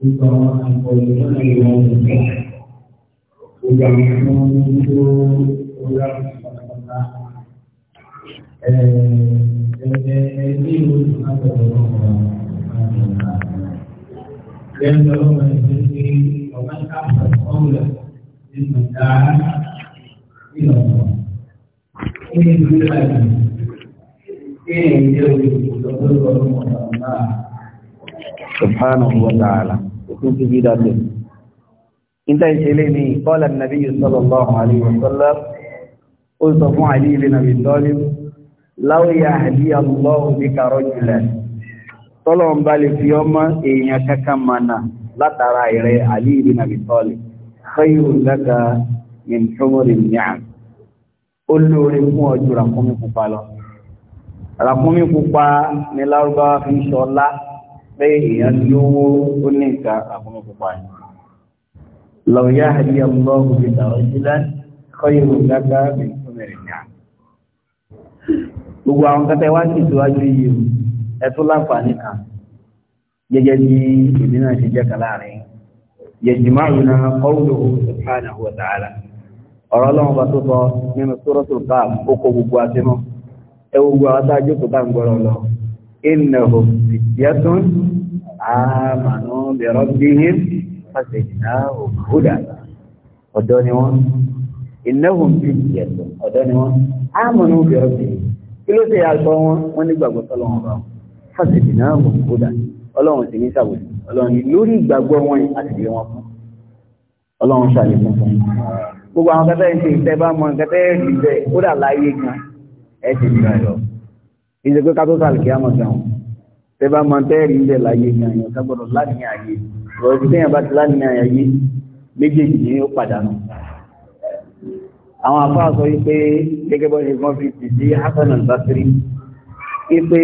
gbogbo àwọn àkọlù náà lè wọ́n mú bẹ́ẹ̀. Gbogbo àwọn ọmọ ọmọ tó rọra pátápátá. Ẹ̀ẹ́dẹ̀ ní ìlú Ìfúnnáfẹ̀ẹ́ ọ̀rọ̀ ọ̀rọ̀ Lẹ́yìn ọlọ́run ẹ̀sẹ̀ ní ọ̀gá ń káàpọ̀ ọ̀rọ̀ nínú ìdá ìlọ̀pọ̀. Kí ni ìdílé láti? Kí ni ìdílé òkè ìjọba ọlọ́run ọ̀rọ̀ náà? Subhanahu wa ta'ala. كنت في ذاته انتهت إليه قال النبي صلى الله عليه وسلم قلت علي بن أبي طالب لو يهدي الله بك رجلا طلعوا بالي في يوم إن يككمنا لا ترى إليه علي بن أبي طالب خير لك من حمر النعم قل له لكم أجركم كفالا رقمي كفا نلاربا في شاء الله pé èèyàn lówó ó ní nǹkan àbúrò pupa yìí lọ́ọ̀yá àdìyà lọ́ òbí tàwọn jílá kọ́yìn òǹkàkà bíi fúnmẹ̀rẹ̀ ní à. gbogbo àwọn kẹtẹ wá sí ìtúwájú yìí ẹ tó láǹfààní kan gẹ́gẹ́ bí èmi náà ṣe jẹ́ kan láàrin يجمعنا قوله سبحانه وتعالى ọ̀rọ̀ ọlọ́run bá tó sọ nínú sórọ́sọ̀ káà ó kó gbogbo àti mọ́ ẹ gbogbo àwọn tá a jókòó bá ń gbọ́rọ̀ lọ إنهم فتية آمنوا بربهم فزدناهم هدى ودونهم إنهم فتية ودونهم آمنوا بربهم كل شيء يعلمون ونبقى بطلع الله فزدناهم هدى ọlọ́run sì ní sàwòsí ọlọ́run ní lórí ìgbàgbọ́ wọn àtìlé wọn fún ọlọ́run ṣàlékún fún gbogbo àwọn kẹtẹ́ ń ṣe ìtẹ́ bá mọ kẹtẹ́ rí bẹ́ẹ̀ kódà láyé gan ẹ̀ sì gbà lọ ìṣe pé kátó sàlì kí á mọ̀ sẹ́wọ̀n tẹ́ bá máa tẹ́ẹ̀rí ilẹ̀ láyé ní àyàn sábọ̀dọ̀ láàrin àyè rọ̀ ibi tẹ́yàn bá ti láàrin àyè méjèèjì ni ó pàdánù àwọn afá sọ wípé gẹ́gẹ́ bọ́ ṣe gbọ́n fi tì sí Hasan al-Basri wípé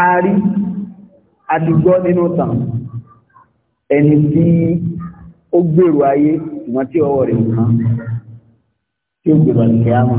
a rí àdìgbọ́ nínú tàn ẹni tí ó gbèrò ayé ìwọ̀n tí ọwọ́ rẹ̀ nǹkan tí ó gbèrò àdìgbẹ́ àmọ́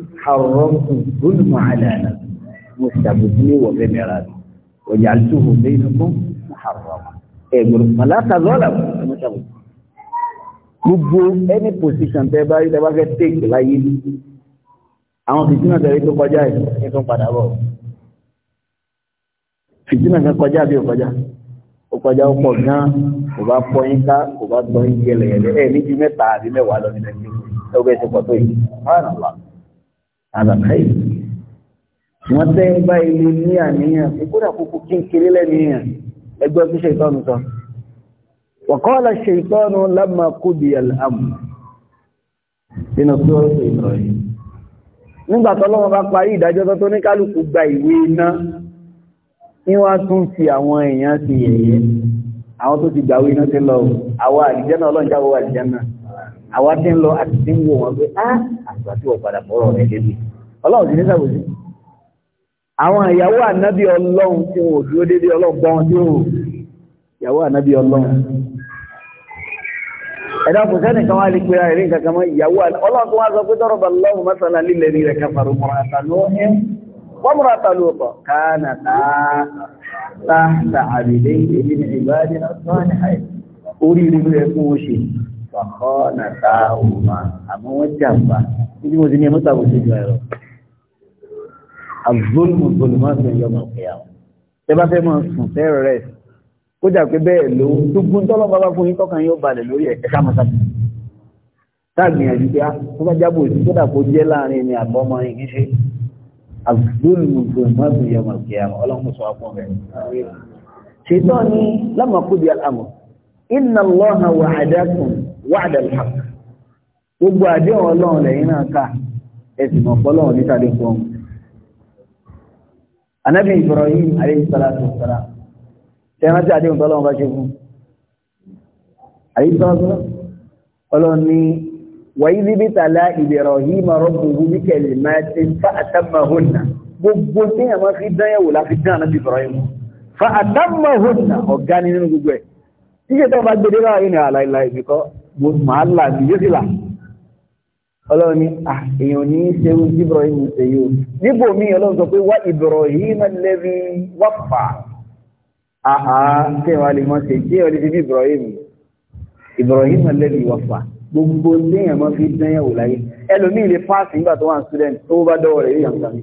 حرمتم الظلم على نفسي مستبدلي وبمرادي وجعلته بينكم محرما ẹgbẹ̀rún màláta zọ́là mọ́sàbù gbogbo any position tẹ bá rí tẹ bá fẹ́ take láyé àwọn fìtínà tẹ̀lé tó kọjá ẹ̀ tó padà bọ̀ fìtínà kan kọjá bí ó kọjá ó kọjá ó pọ̀ gan kò bá pọ̀ yín ká kò bá tọ́ yín yẹlẹ̀yẹlẹ̀ ẹ̀ níbi mẹ́ta àbí mẹ́wàá lọ nílẹ̀ ní ọgbẹ́ ìṣẹ̀pọ̀ tó yìí àdàkàì wọ́n tẹ́ ń bá ilé ní àníyàn ìkúrà kúkú kí n kiri lẹ́nìyàn ẹgbẹ́ fún ṣètọ́nù sọ wọ̀kọ́lá ṣètọ́nù lámà kúbi àmù nínú tí ó ṣe ìrọ̀ yìí nígbà tọ́lọ́wọ́ bá parí ìdájọ́ tó ní kálukú gba ìwé iná ní wọ́n tún fi àwọn èèyàn ti yẹ̀yẹ́ àwọn tó ti gbàwé iná ti lọ àwọn àdìjẹ́ náà ọlọ́njáwó àdìjẹ́ náà àwa ti ń lọ àti ti ń wò wọn pé á ah, àgbà tí wọ́n padà bọ́rọ̀ rẹ̀ lébi ọlọ́run ti ní sàbòsí àwọn ìyàwó ànábì ọlọ́run tí wọn ò dúró dédé ọlọ́run gbọ́ tí wọn ìyàwó ànábì ọlọ́run ẹ̀dá kò sẹ́ni kan wá lè pera ẹ̀rí nǹkan kan mọ́ ìyàwó ọlọ́run tó wá sọ pé tọ́rọ̀ bá lọ́run mọ́sánà lílẹ̀ ní rẹ̀ kẹfàrú mọ́ràtà lóhẹ́ wọ́mọ́ràtà lóòtọ̀ táà táà àbìlẹ̀ ìbí ní náà tó wà ní àìsí orí ìrírú ẹ̀kún ó ṣe kọ̀kọ́ nàta òmà àmọ́ wọ́n jàǹbá títí mo ti ní ẹ̀mọ́ta kò ṣèjọ ẹ̀rọ. àgbólùmọ̀ gbólùmọ̀ sí ẹ̀yọ́ mọ̀ pé àwọn. tẹ bá fẹ́ mọ̀ sùn fẹ́ rẹ̀ kódà pé bẹ́ẹ̀ ló gbogbo tọ́lọ́ bàbá fún ah, ọlọ́run sọ àpọ̀ rẹ̀. ṣètọ́ ni lámàkúbi àmọ̀ inna Allaha wa'adakum wa'da al-haqq gbogbo àdéhùn ọlọ́run lẹ́yìn náà ká ẹ̀sìn ọ̀pọ̀lọ́run níta lè fún ọmọ anábì Ibrahim alayhi salatu wassalam tẹ́rántí àdéhùn tọ́lọ́run bá ṣe fún alayhi salatu ọlọ́run ní wa idh ibtala Ibrahima rabbuhu bi kalimatin fa atammahunna gbogbo tí a máa fi dányẹ̀wò láti dán ànábì Ibrahim fa atammahunna ọ̀gá ni nínú gbogbo ẹ̀ mo máa là ní yóò sì là èèyàn ní ṣeun tí Ibrahim ṣe yóò níbo mi ọlọ́run sọ pé wá Ibrahim lẹ́rí wáfà àhà tí ìwà lè mọ́ ṣe tí ìwà lè Ibrahim Ibrahim lẹ́rí wáfà gbogbo léèyàn máa fi dán yẹ̀wò láyé ẹlòmíì lè páàsì nígbà tó wà ní student tó bá dọ́wọ́ rẹ̀ yíyàn sáré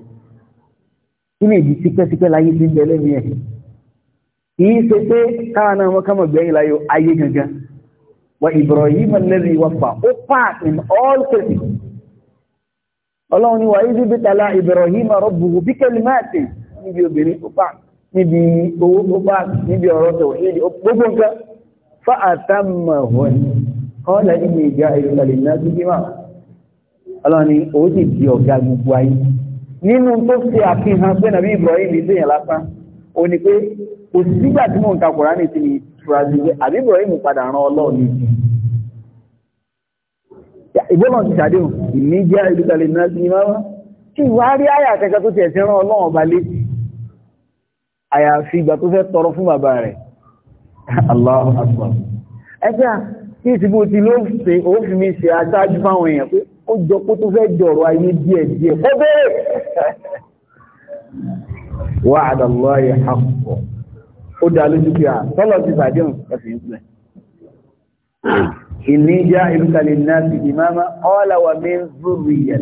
kí ni ìdí tipẹ́tipẹ́ láyé ti ń bẹ lẹ́mìí ẹ̀ kì í ṣe pé káwọn náà wọ́n kà gbẹ́yìn láyé ayé gangan wa ibrahim alladhi wafa ó pass in all cases ọlọ́run ni wà ní ibi tala ibrahim rabbuhu bí kẹlìmáàtì níbi obìnrin ó pass níbi owó ó pass níbi ọ̀rọ̀ tó ìdí gbogbo nǹkan fa àtàmàwọ̀ qala inni ja'ilun lin-nasi imama ọlọ́run ni ó sì di ọ̀gá gbogbo ayé nínú tó ṣe àfihàn pé nàbí ibrahim lè dèyàn lásán ò ní pé kò sígbà tí mò ń ka kùránì sí ni fura sí pé àbí Ibrahim padà ran ọlọ́run ní ti ìgbọ́nà ti ṣàdéhùn ìníjà ìdúgbàlẹ̀ náà sí máa kí ìwà rí àyà kẹta tó tiẹ̀ sí ran ọlọ́run ọba létí àyàfi ìgbà tó fẹ́ tọrọ fún bàbá rẹ̀ Allahu Akbar ẹgbẹ́ kí ìsìnkú ti ló ṣe ó jọ pé tó fẹ́ jọ̀rọ̀ ayé díẹ̀ díẹ̀ ó bẹ̀rẹ̀ wa'ada Allahi haqqan ó dá lójú pé à ah, tọ́lọ̀ ti fàdíhùn ẹ̀fẹ̀ ìpínlẹ̀. ìní já ìlúkalẹ̀ náà ti ìmáàmá ọ́làwà mi ń zúrù ìyẹ̀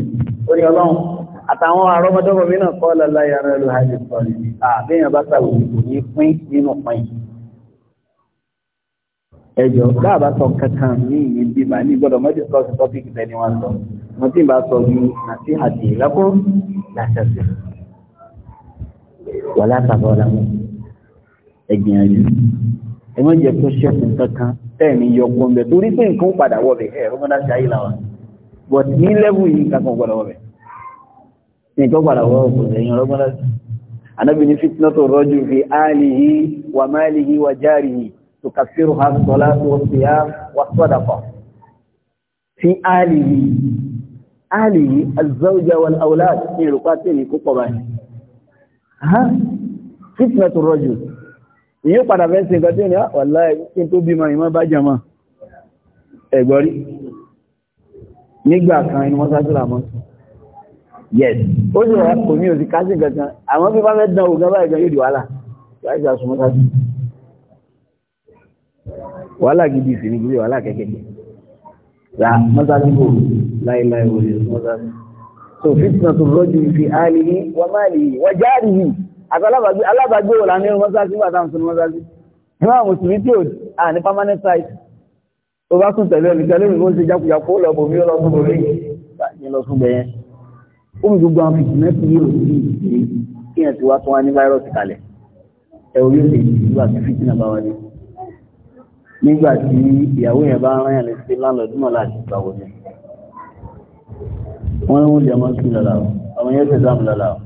orí ọlọ́run àtàwọn àrọ́mọdọ́bọ̀ mi náà kọ́ lọ́la yàrá ẹlò hajj sọ̀rọ̀ àbẹ́yàn bá sàwò kò ní pín nínú pín. ẹjọ́ dáàbà sọ kankan ní ìyẹn bí màá ní gbọ́dọ̀ mọ́jú sọ sí tọ́pìkì tẹ́ni wọn sọ mo àti àti ìlẹ́kùn láṣẹ sí wàlá tàbọ̀ làwọn ẹ̀gbìyànjú ẹ má jẹ́ kó ṣẹ́kùn kankan tẹ́ẹ̀mí yọkọ ń bẹ torí pé nǹkan padà wọ̀ bẹ̀ ẹ̀ ọmọdé àti ayé làwọn but ní lẹ́bù yìí kankan gbọ́dọ̀ wọ̀ bẹ̀ nǹkan padà wọ̀ kò lẹ́yìn ọmọdé àti anábì ní fitnatu rajul fi alihi wa malihi wa jarihi tukaffiruha as-salatu was-siyam was-sadaqa fi alihi alihi az-zawja wal-awlad ní ìrùpá tẹ̀lé kó pọ̀ báyìí fitnatu rajul ìyí padà fẹ́ sí nǹkan tí ó ní àwọ̀lá ah, ẹ̀kí tó bímọ ìmọ̀ bá jẹmọ́ ẹ̀gbọ́rí nígbà kan inú wọ́n sájúlà mọ́ yes ó sì wà kò ní òsì kásì kankan àwọn bí bá fẹ́ dán ògá báyìí gan yóò di wàhálà láìsí àsùnmọ́ sájú wàhálà gidi sì ní àti alábàgbé alábàgbé wò láti irun mọ́sáàsì nígbà táwọn sọ mọ́sáàsì ní àwọn mùsùlùmí tí ò à ní permanent site tó bá sùn tẹ̀lé ẹnìkan lórí ló ń ṣe jákujàkú ó lọ bò mí ó lọ fún bò mí ní lọ fún bẹ̀yẹn ó mi gbogbo àwọn fìtì mẹ́tì yìí ò sí ìdí kí ẹ̀ ti wá tún wá ní fáírọ́ọ̀sì kalẹ̀ ẹ̀ orí òsè nígbà tí fìtì náà bá wà ní nígbà tí ìyàwó yẹn bá rán yàn létí wọ́n ń wọ́n lè ọmọ lọ́la àwọn yẹn dáàmú lọ́la ọ̀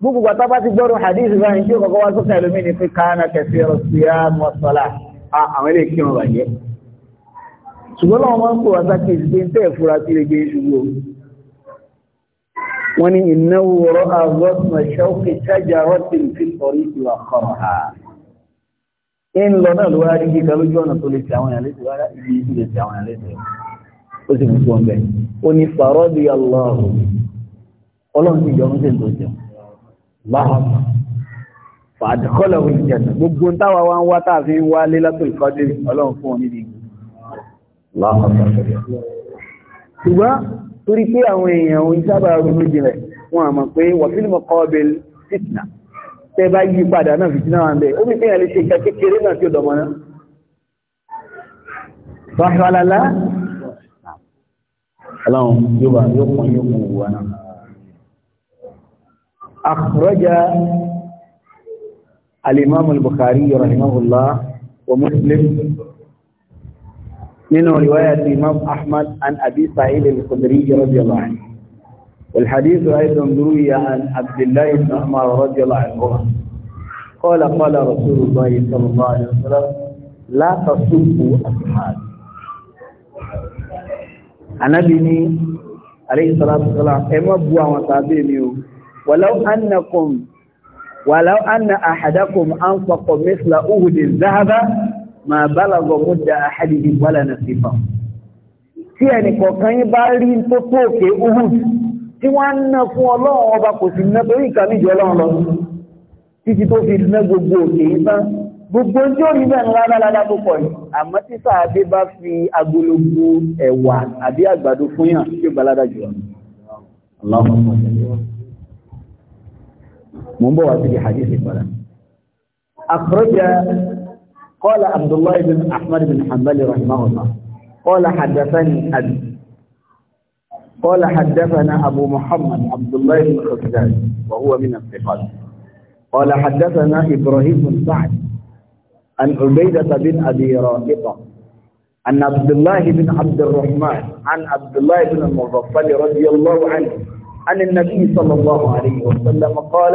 gbogbo gbàtà bá ti gbọ́rọ̀ hadith báyìí tí ó kọ́kọ́ wá sọ́kà ìlú mi ní fi káánà kẹsì ọ̀rọ̀ sí á mọ́ sọ́lá àwọn ilé kí wọ́n wà jẹ́ ṣùgbọ́n láwọn máa ń pò wáṣá kí ìsìnkú tẹ́ ìfura sí lè gbé ṣùgbọ́n wọ́n ní ìnáwó ọ̀rọ̀ àgọ́sùnà ṣọ́ọ̀kì ṣájà rọ́tìn fi sọ̀rí ìwà kọ̀rọ̀ ha ń lọ náà ló wá rí kíkà lójú ọ̀nà tó lè ti àwọn ìyàlẹ́ ti wára ibi ìlú lè ti àwọn ìyàlẹ́ ti ó sì fún fún ọbẹ̀ ó ní fàrọ́dì ọlọ́run ọlọ́run ti jọ ń ṣe tó jẹun láàmù fàdíkọ́lọ̀ ìjẹta gbogbo táwà wá ń wá tààfi ń wá lé látòlù kọ́dé ọlọ́run fún òní ní láàmù ṣùgbọ́n torí pé àwọn èèyàn òun sábà ronú jinlẹ̀ wọn àmọ̀ pé wàfílìmọ̀ kọ́ọ̀bẹ̀lì fitna tẹ bá yí padà náà fitna أخرج الإمام البخاري رحمه الله ومسلم من رواية الإمام أحمد عن أبي سعيد الخدري رضي الله عنه والحديث أيضا روي عن عبد الله بن عمر رضي الله عنه قال قال رسول الله صلى الله عليه وسلم لا تصبوا أصحابي النبي عليه الصلاة والسلام أما بوا وصابيني ولو أنكم ولو أن أحدكم أنفق مثل أهد الذهب ما بلغ مد أحدهم ولا نصيبا. tí ẹnìkọ̀ọ̀kan yín bá rí tó tó òkè uhud tí wọ́n ń ná fún ọlọ́run ọba kò sí ná torí ìkà níjọ ọlọ́run lọ títí tó fi ná gbogbo òkè yìí tán gbogbo tí ó bẹ́ẹ̀ ńlá lálálá tó pọ̀ yìí àmọ́ tí sáadé bá fi agologbo ẹ̀wà àbí àgbàdo fún yàn tí ó gbalada jù lọ. mo في حديث wá أخرج قال عبد الله بن أحمد بن حنبل رحمه الله قال حدثني أبي قال حدثنا أبو محمد عبد الله بن خزان وهو من الثقات قال حدثنا إبراهيم بن سعد عن عبيدة بن أبي رائطة عن عبد الله بن عبد الرحمن عن عبد الله بن المغفل رضي الله عنه عن النبي صلى الله عليه وسلم قال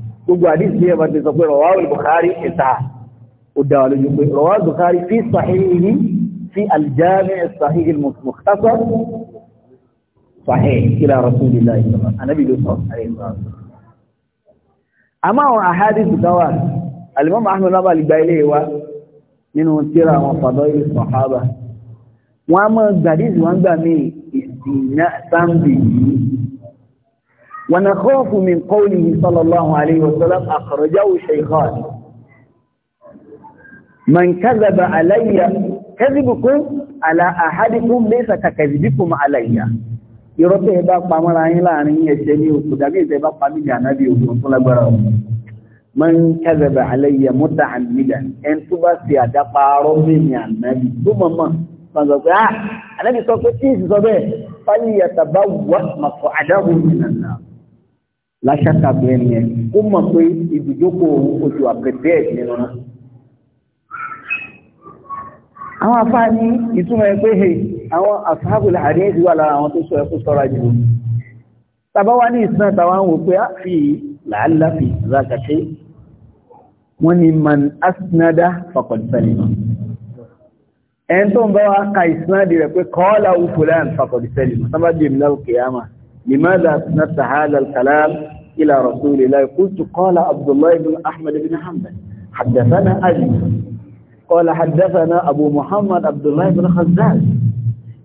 gbogbo àdísì ẹ̀mà ti sọ pé rọ̀wáwì Bukhari ìta ó dáwà lójú pé rọ̀wáwì Bukhari fi sahihi fi aljami sahihi al-mukhtasar sahih ila rasulillah anabi ló sọ àmọ́ àwọn àhádìsì ونخاف من قوله صلى الله عليه وسلم أخرجه الشيخان من كذب علي كذبكم على أحدكم ليس ككذبكم علي يرته باق بامران لا أن يشتني وكذبين تباق بامران نبي وصلى براه من كذب علي متعمدا ان تبا سيادة قارمين يا نبي ثم ما من آه النبي صلى الله عليه وسلم فليتبوأ من النار láṣàkà tó ẹni ẹ ó mọ̀ pé ibùjókòó oṣù àpẹtẹ ẹ nínú náà. àwọn afáàní ìtumọ̀ ẹ pé àwọn àfáàbùlà àdéhùn wà lára àwọn tó sọ ẹ sọ́ra jù tàbá wá ní ìsìn àtàwọn àwọn òpé á fi làálà fi rákàṣe wọ́n ni man asnada faqad salima ẹn tó ń bá wá ka ìsìn àdìrẹ pé kọ́ọ́lá wù fúlàn faqad salima sábàbí لماذا أسندت هذا الكلام إلى رسول الله قلت قال عبد الله بن أحمد بن حنبل حدثنا أبي قال حدثنا أبو محمد عبد الله بن خزاز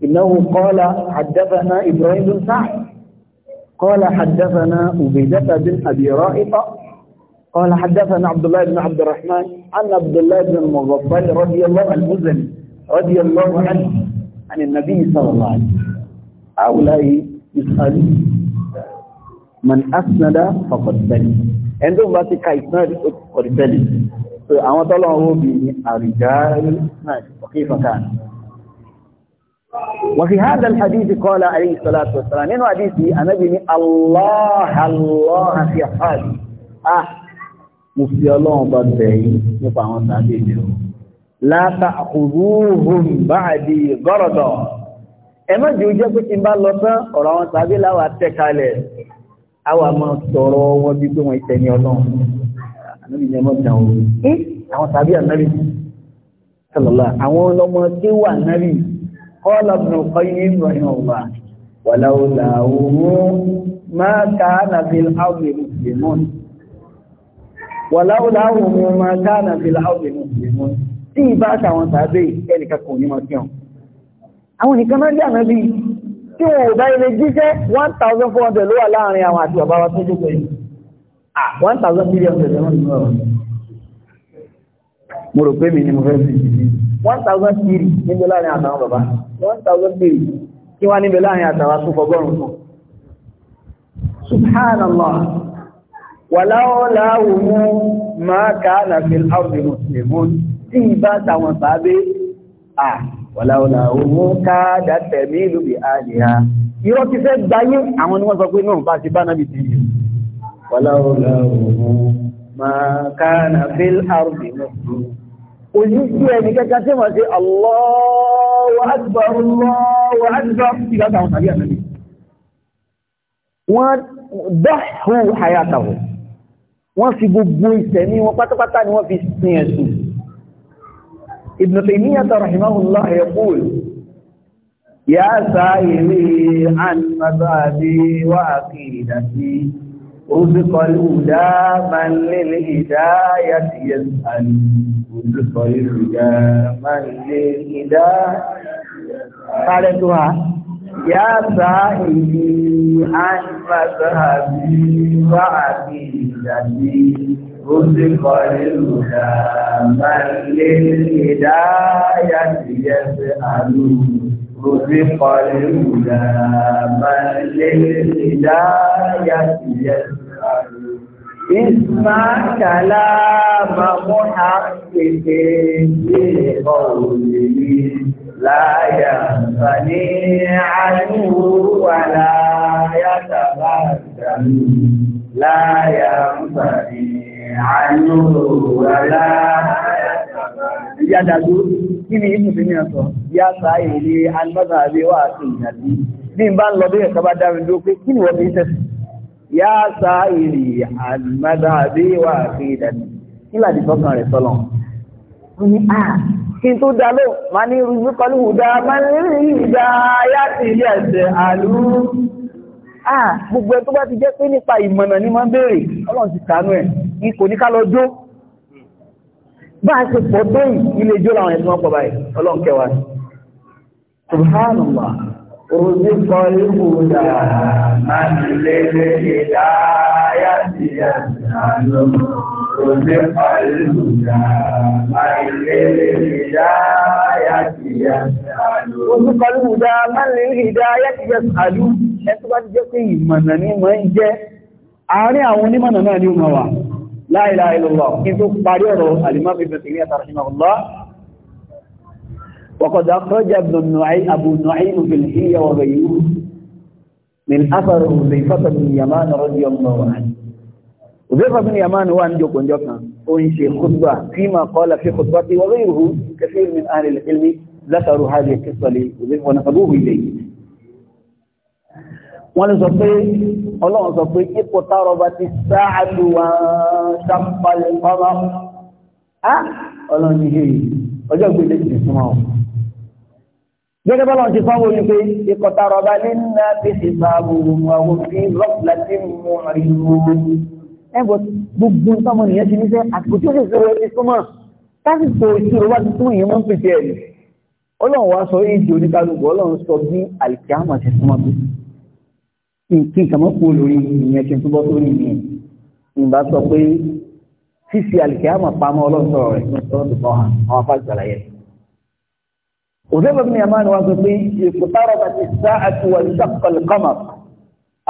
إنه قال حدثنا إبراهيم بن سعد قال حدثنا أبيدة بن أبي رائطة قال حدثنا عبد الله بن عبد الرحمن عن عبد الله بن المغفل رضي الله المزني رضي الله عنه عن النبي صلى الله عليه وسلم هؤلاء ìsàlù man asnada faqad bali ẹni tó bá ti ka ìsàn rí ó ti kọ̀dí bẹ́lì so àwọn tọ́lọ́ owó bí i àrùjáàrí náà ọ̀kẹ́ ìfọ̀ká وفي هذا الحديث قال عليه الصلاة والسلام من حديث النبي الله الله في حالي ah mo fi ọlọ́run bá bẹ̀yìn nípa àwọn sàbẹ̀ mi o látàkùrú hùn báàdì gọ́rọ̀dọ̀ ẹmọ́jì ó jẹ́ pé ti bá lọ tán ọ̀rọ̀ àwọn tàbí láwà tẹ́kalẹ̀ àwà máa sọ̀rọ̀ wọn bí pé wọ́n ìtẹni ọlọ́run ànábì ni ẹmọ́ ìjà òru àwọn tàbí ànábì sọlọ́lá àwọn ọlọ́mọ tí wà ànábì kọ́ọ̀lá bùnú kọ́yí ìrọ̀yìn ọ̀gbà wàláwùlà òun máa ka nàbí áwùlẹ̀ mùsùlùmọ́n wàláwùlà òun máa àwọn nìkan mẹ́rin àmẹ́ bí tí wọ́n ò bá ilé jíṣẹ́ 1400 ló wà láàrin àwọn àti ọ̀bá wa tó jókòó yìí ah 1000 million tẹ̀lé wọn nínú ọ̀rọ̀ mo rò pé mi ni mo fẹ́ fi ìdí 1000 kiri níbẹ̀ láàrin àtàwọn bàbá 1000 kiri kí wá níbẹ̀ láàrin àtàwọn tó fọgọ́rùn kan subhanallah wàláwọ́lá òun máa kàánà fi áwùdì mùsùlùmí tí ìbá tàwọn sàábé ah wàláwàlá òmú ká dàtẹ̀ mí lùbí àdìyà irọ́ ti fẹ́ gbáyé àwọn ni wọ́n sọ pé náà bá ti bá náà bì ti yìí wàláwàlá òmú máa ká nà fíl àrùbí náà òyí sí ẹni kẹ́kẹ́ tí wọ́n ṣe Allahu Akbar Allahu Akbar ìgbàgbà àwọn tàbí àmì wọ́n dọ́hù hayatahu wọ́n fi ابن تيمية رحمه الله يقول يا سائلي عن مذهبي وعقيدتي رزق الهدى من للهداية يسأل رزق الهدى من للهداية قالتها يا سائلي عن مذهبي وعقيدتي رزق للهدى من للهداية يسأل رزق للهدى من للهداية يسأل اسمع كلام محقق في قوله لا ينفني عنه ولا يتبدل لا ينفني Ìyá dàdú, kí ni ìmú sí ní ọ̀sọ̀? Yá sáàyè ní alìmọ́ta àbí wà sí ìyàdí. Bí n bá ń lọ bí ẹ̀kọ́ bá dárin ló pé kí ni wọ́n fi tẹ̀sì? Yá sáàyè ní alìmọ́ta àbí wà sí ìyàdí. Kí làdí fọ́kàn rẹ̀ sọ́lọ̀? Wọ́n ní à, kí n tó dá ló, má ní rújú kọlu ìdá, má ní rí ìdá yá sí ilé ẹ̀sẹ̀ àlú. gbogbo ẹ tó bá ti jẹ́ pé nípa ìmọ̀nà ni máa ń béèrè, Ọlọ́run ti kàánú ẹ̀ kò ní ká lọ jó bá a ṣe pọ̀ tó ilé jó láwọn ẹ̀sùn ọ̀pọ̀ báyìí ọlọ́run kẹwàá subhanallah òbí kọ ikú dà máa ń lé lé ìdáyà sí àlọ́ òbí kọ ikú dà máa ń lé lé ìdáyà sí àlọ́ òbí kọ ikú dà máa ń lé lé ìdáyà ẹ tó bá ti jẹ́ pé ìmọ̀nà ni mọ̀ ń jẹ́ àárín àwọn onímọ̀nà náà ni ó wà. لا إله إلا الله كنت قريره الإمام ابن تيمية رحمه الله وقد أخرج ابن النعي أبو النعيم في الحية وبيوت من أثر حذيفة بن يمان رضي الله عنه حذيفة بن يمان هو أنجو كنجوكا أنشي خطبة فيما قال في خطبتي وغيره كثير من أهل العلم ذكروا هذه القصة لي ونقلوه إليه wọ́n lè sọ pé ọlọ́run sọ pé ipò tààrọ bá ti sáàdù wà ṣàpàlẹ̀ pàmà á ọlọ́run ní hìí ọjọ́ ìgbèlè ti súnmọ́ ọ̀ gẹ́gẹ́ bọ́lọ́run ti fọ́wọ́ yìí pé ipò tààrọ bá ní ńlá bí ti sáàbù àwọn fi rọ́pùlá tí mú rí wọn ẹgbọ́ gbogbo sọmọ nìyẹn ti ní sẹ́ àsìkò tí ó sì sọ̀rọ̀ ti súnmọ́ ìṣòro wá ti tún ìyẹn ń pèsè ẹ̀rì ọlọ́run wá sọ èyí di oníkálukú ọlọ́run sọ bí àlìkí kí nǹkan mọ́ kú lórí ìyẹn kí n túbọ̀ sórí mi ìgbà sọ pé fífi àlìkíyàmọ̀ pamọ́ ọlọ́run sọ̀rọ̀ rẹ̀ ní sọ́ọ́ tó hàn àwọn afá ìgbàláyẹ. òṣèlú mi àmà ni wọ́n sọ pé ìfòtárọ̀ bá ti sá àti wọ́n kọ́mọ̀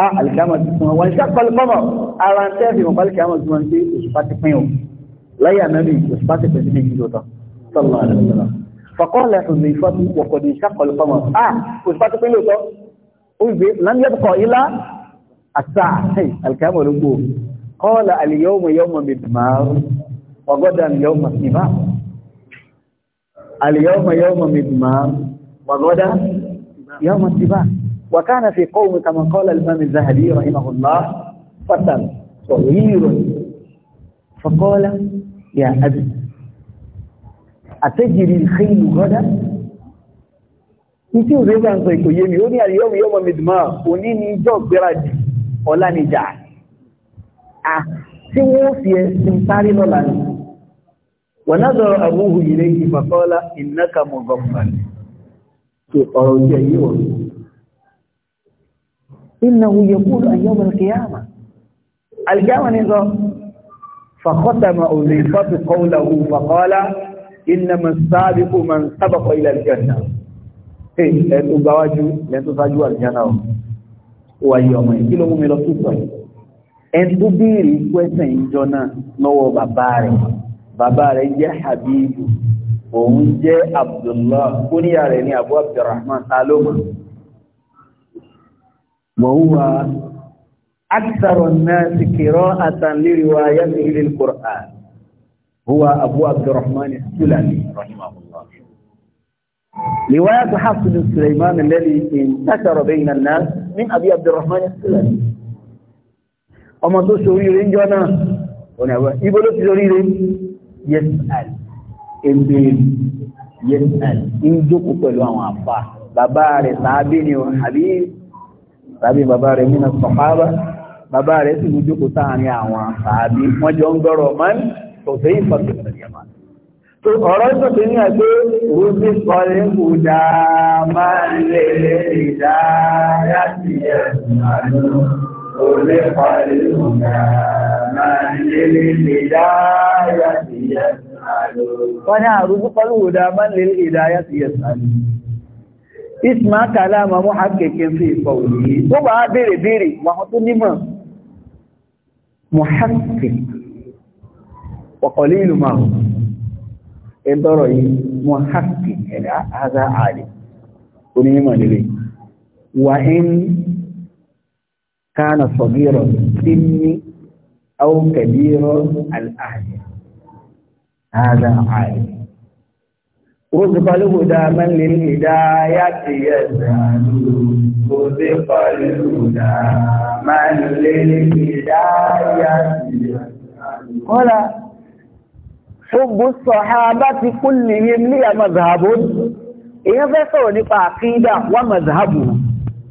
á àlìkíyàmọ̀ ti sùn wọ́n ṣàkọlù kọ́mọ̀ ara ń ti wọ́n ṣe ti pín o láyé ànábì òṣùpá ti pín sí méjì lóòótọ́ ní ìfọ́tí wọ̀kọ̀ ní ìṣàkọlù kọ́mọ̀ á òṣùpá ti pín lóòótọ́ لم يبقى إلى الساعة الكامل والنبوة قال اليوم يوم مدمار وغدا يوم سباع اليوم يوم مدمار وغدا يوم سباع وكان في قوم كما قال الإمام الذهبي رحمه الله فتى صغير فقال يا أبي أتجري الخيل غدا tí ò rẹ́gbà ń sọ ìkò yé mi ó ní àríyọ́ mi yọ́mọ̀ mìdìmá òní ní ìjọ gbẹ́rajì ọ̀la nìjà à tí wọ́n fi ẹ̀sìn sáré lọ́la ni wọ́n náà sọ̀rọ̀ àbúhù yìí lẹ́yìn ìfàkọ́lá ìnáka mọ̀gọ́fàn tó ọ̀rọ̀ ẹ̀tù gbáwájú lẹ́tù sájú àlìjáná ọ̀ ó wáyé ọmọ yìí kí ló mú mi lọ súpọ̀ yìí ẹni tó béèrè kwẹ́sàn ìjọ náà lọ́wọ́ bàbá rẹ̀ bàbá rẹ̀ jẹ́ Habibu òun jẹ́ Abdullah kóníyà rẹ̀ ní Abu Abdurrahman Saloma wọ̀húwa akitaro náà ti kìrọ àtànlérìwá yàtò ilé Qur'an huwa Abu Abdurrahman Sulami rahimahullah رواية حفص بن سليمان الذي انتشر بين الناس من أبي عبد الرحمن السلمي ọmọ tó ṣoríire ń jọ náà ọ̀nà ẹ̀wọ̀ ibo ló ti ṣoríire yes al ẹgbẹ̀rẹ̀ yes al ń jókòó pẹ̀lú àwọn àfà bàbá rẹ̀ sàábí ni àbí sàábí bàbá rẹ̀ mìíràn sọ̀hábà bàbá rẹ̀ sì ń jókòó sáàárín àwọn sàábí wọ́n jọ ń gbọ́rọ̀ mọ́ tòṣèyí fọ́tò ìfẹ̀lẹ́mọ́ ọ̀rọ̀ tó ti ní àti rúbí sọ́rí ń kú dáa máa ń lè lè ìdáyà sí ẹ̀sùn àlọ́ olè parí ń kú dáa máa ń lè lè ìdáyà sí ẹ̀sùn wọ́n ní àrùbí pọ́lú dáa máa ń lè lè ìdáyà sí ẹ̀sùn àlọ́. isma kalama mu hakikin fi qawli tó bá béèrè béèrè wọn tó nímọ̀ muhakkik wa qalilu ma هذا عالم وان كان صغيرا سني او كبيرا الاهل هذا عالم رزق له داما للهداية يزال رزق له داما للهداية يزال gbogbo sọ̀hábá ti kú lèyẹ ní àmàzàbò èyàn fẹ́ sọ̀rọ̀ nípa àkídà wà màzàbò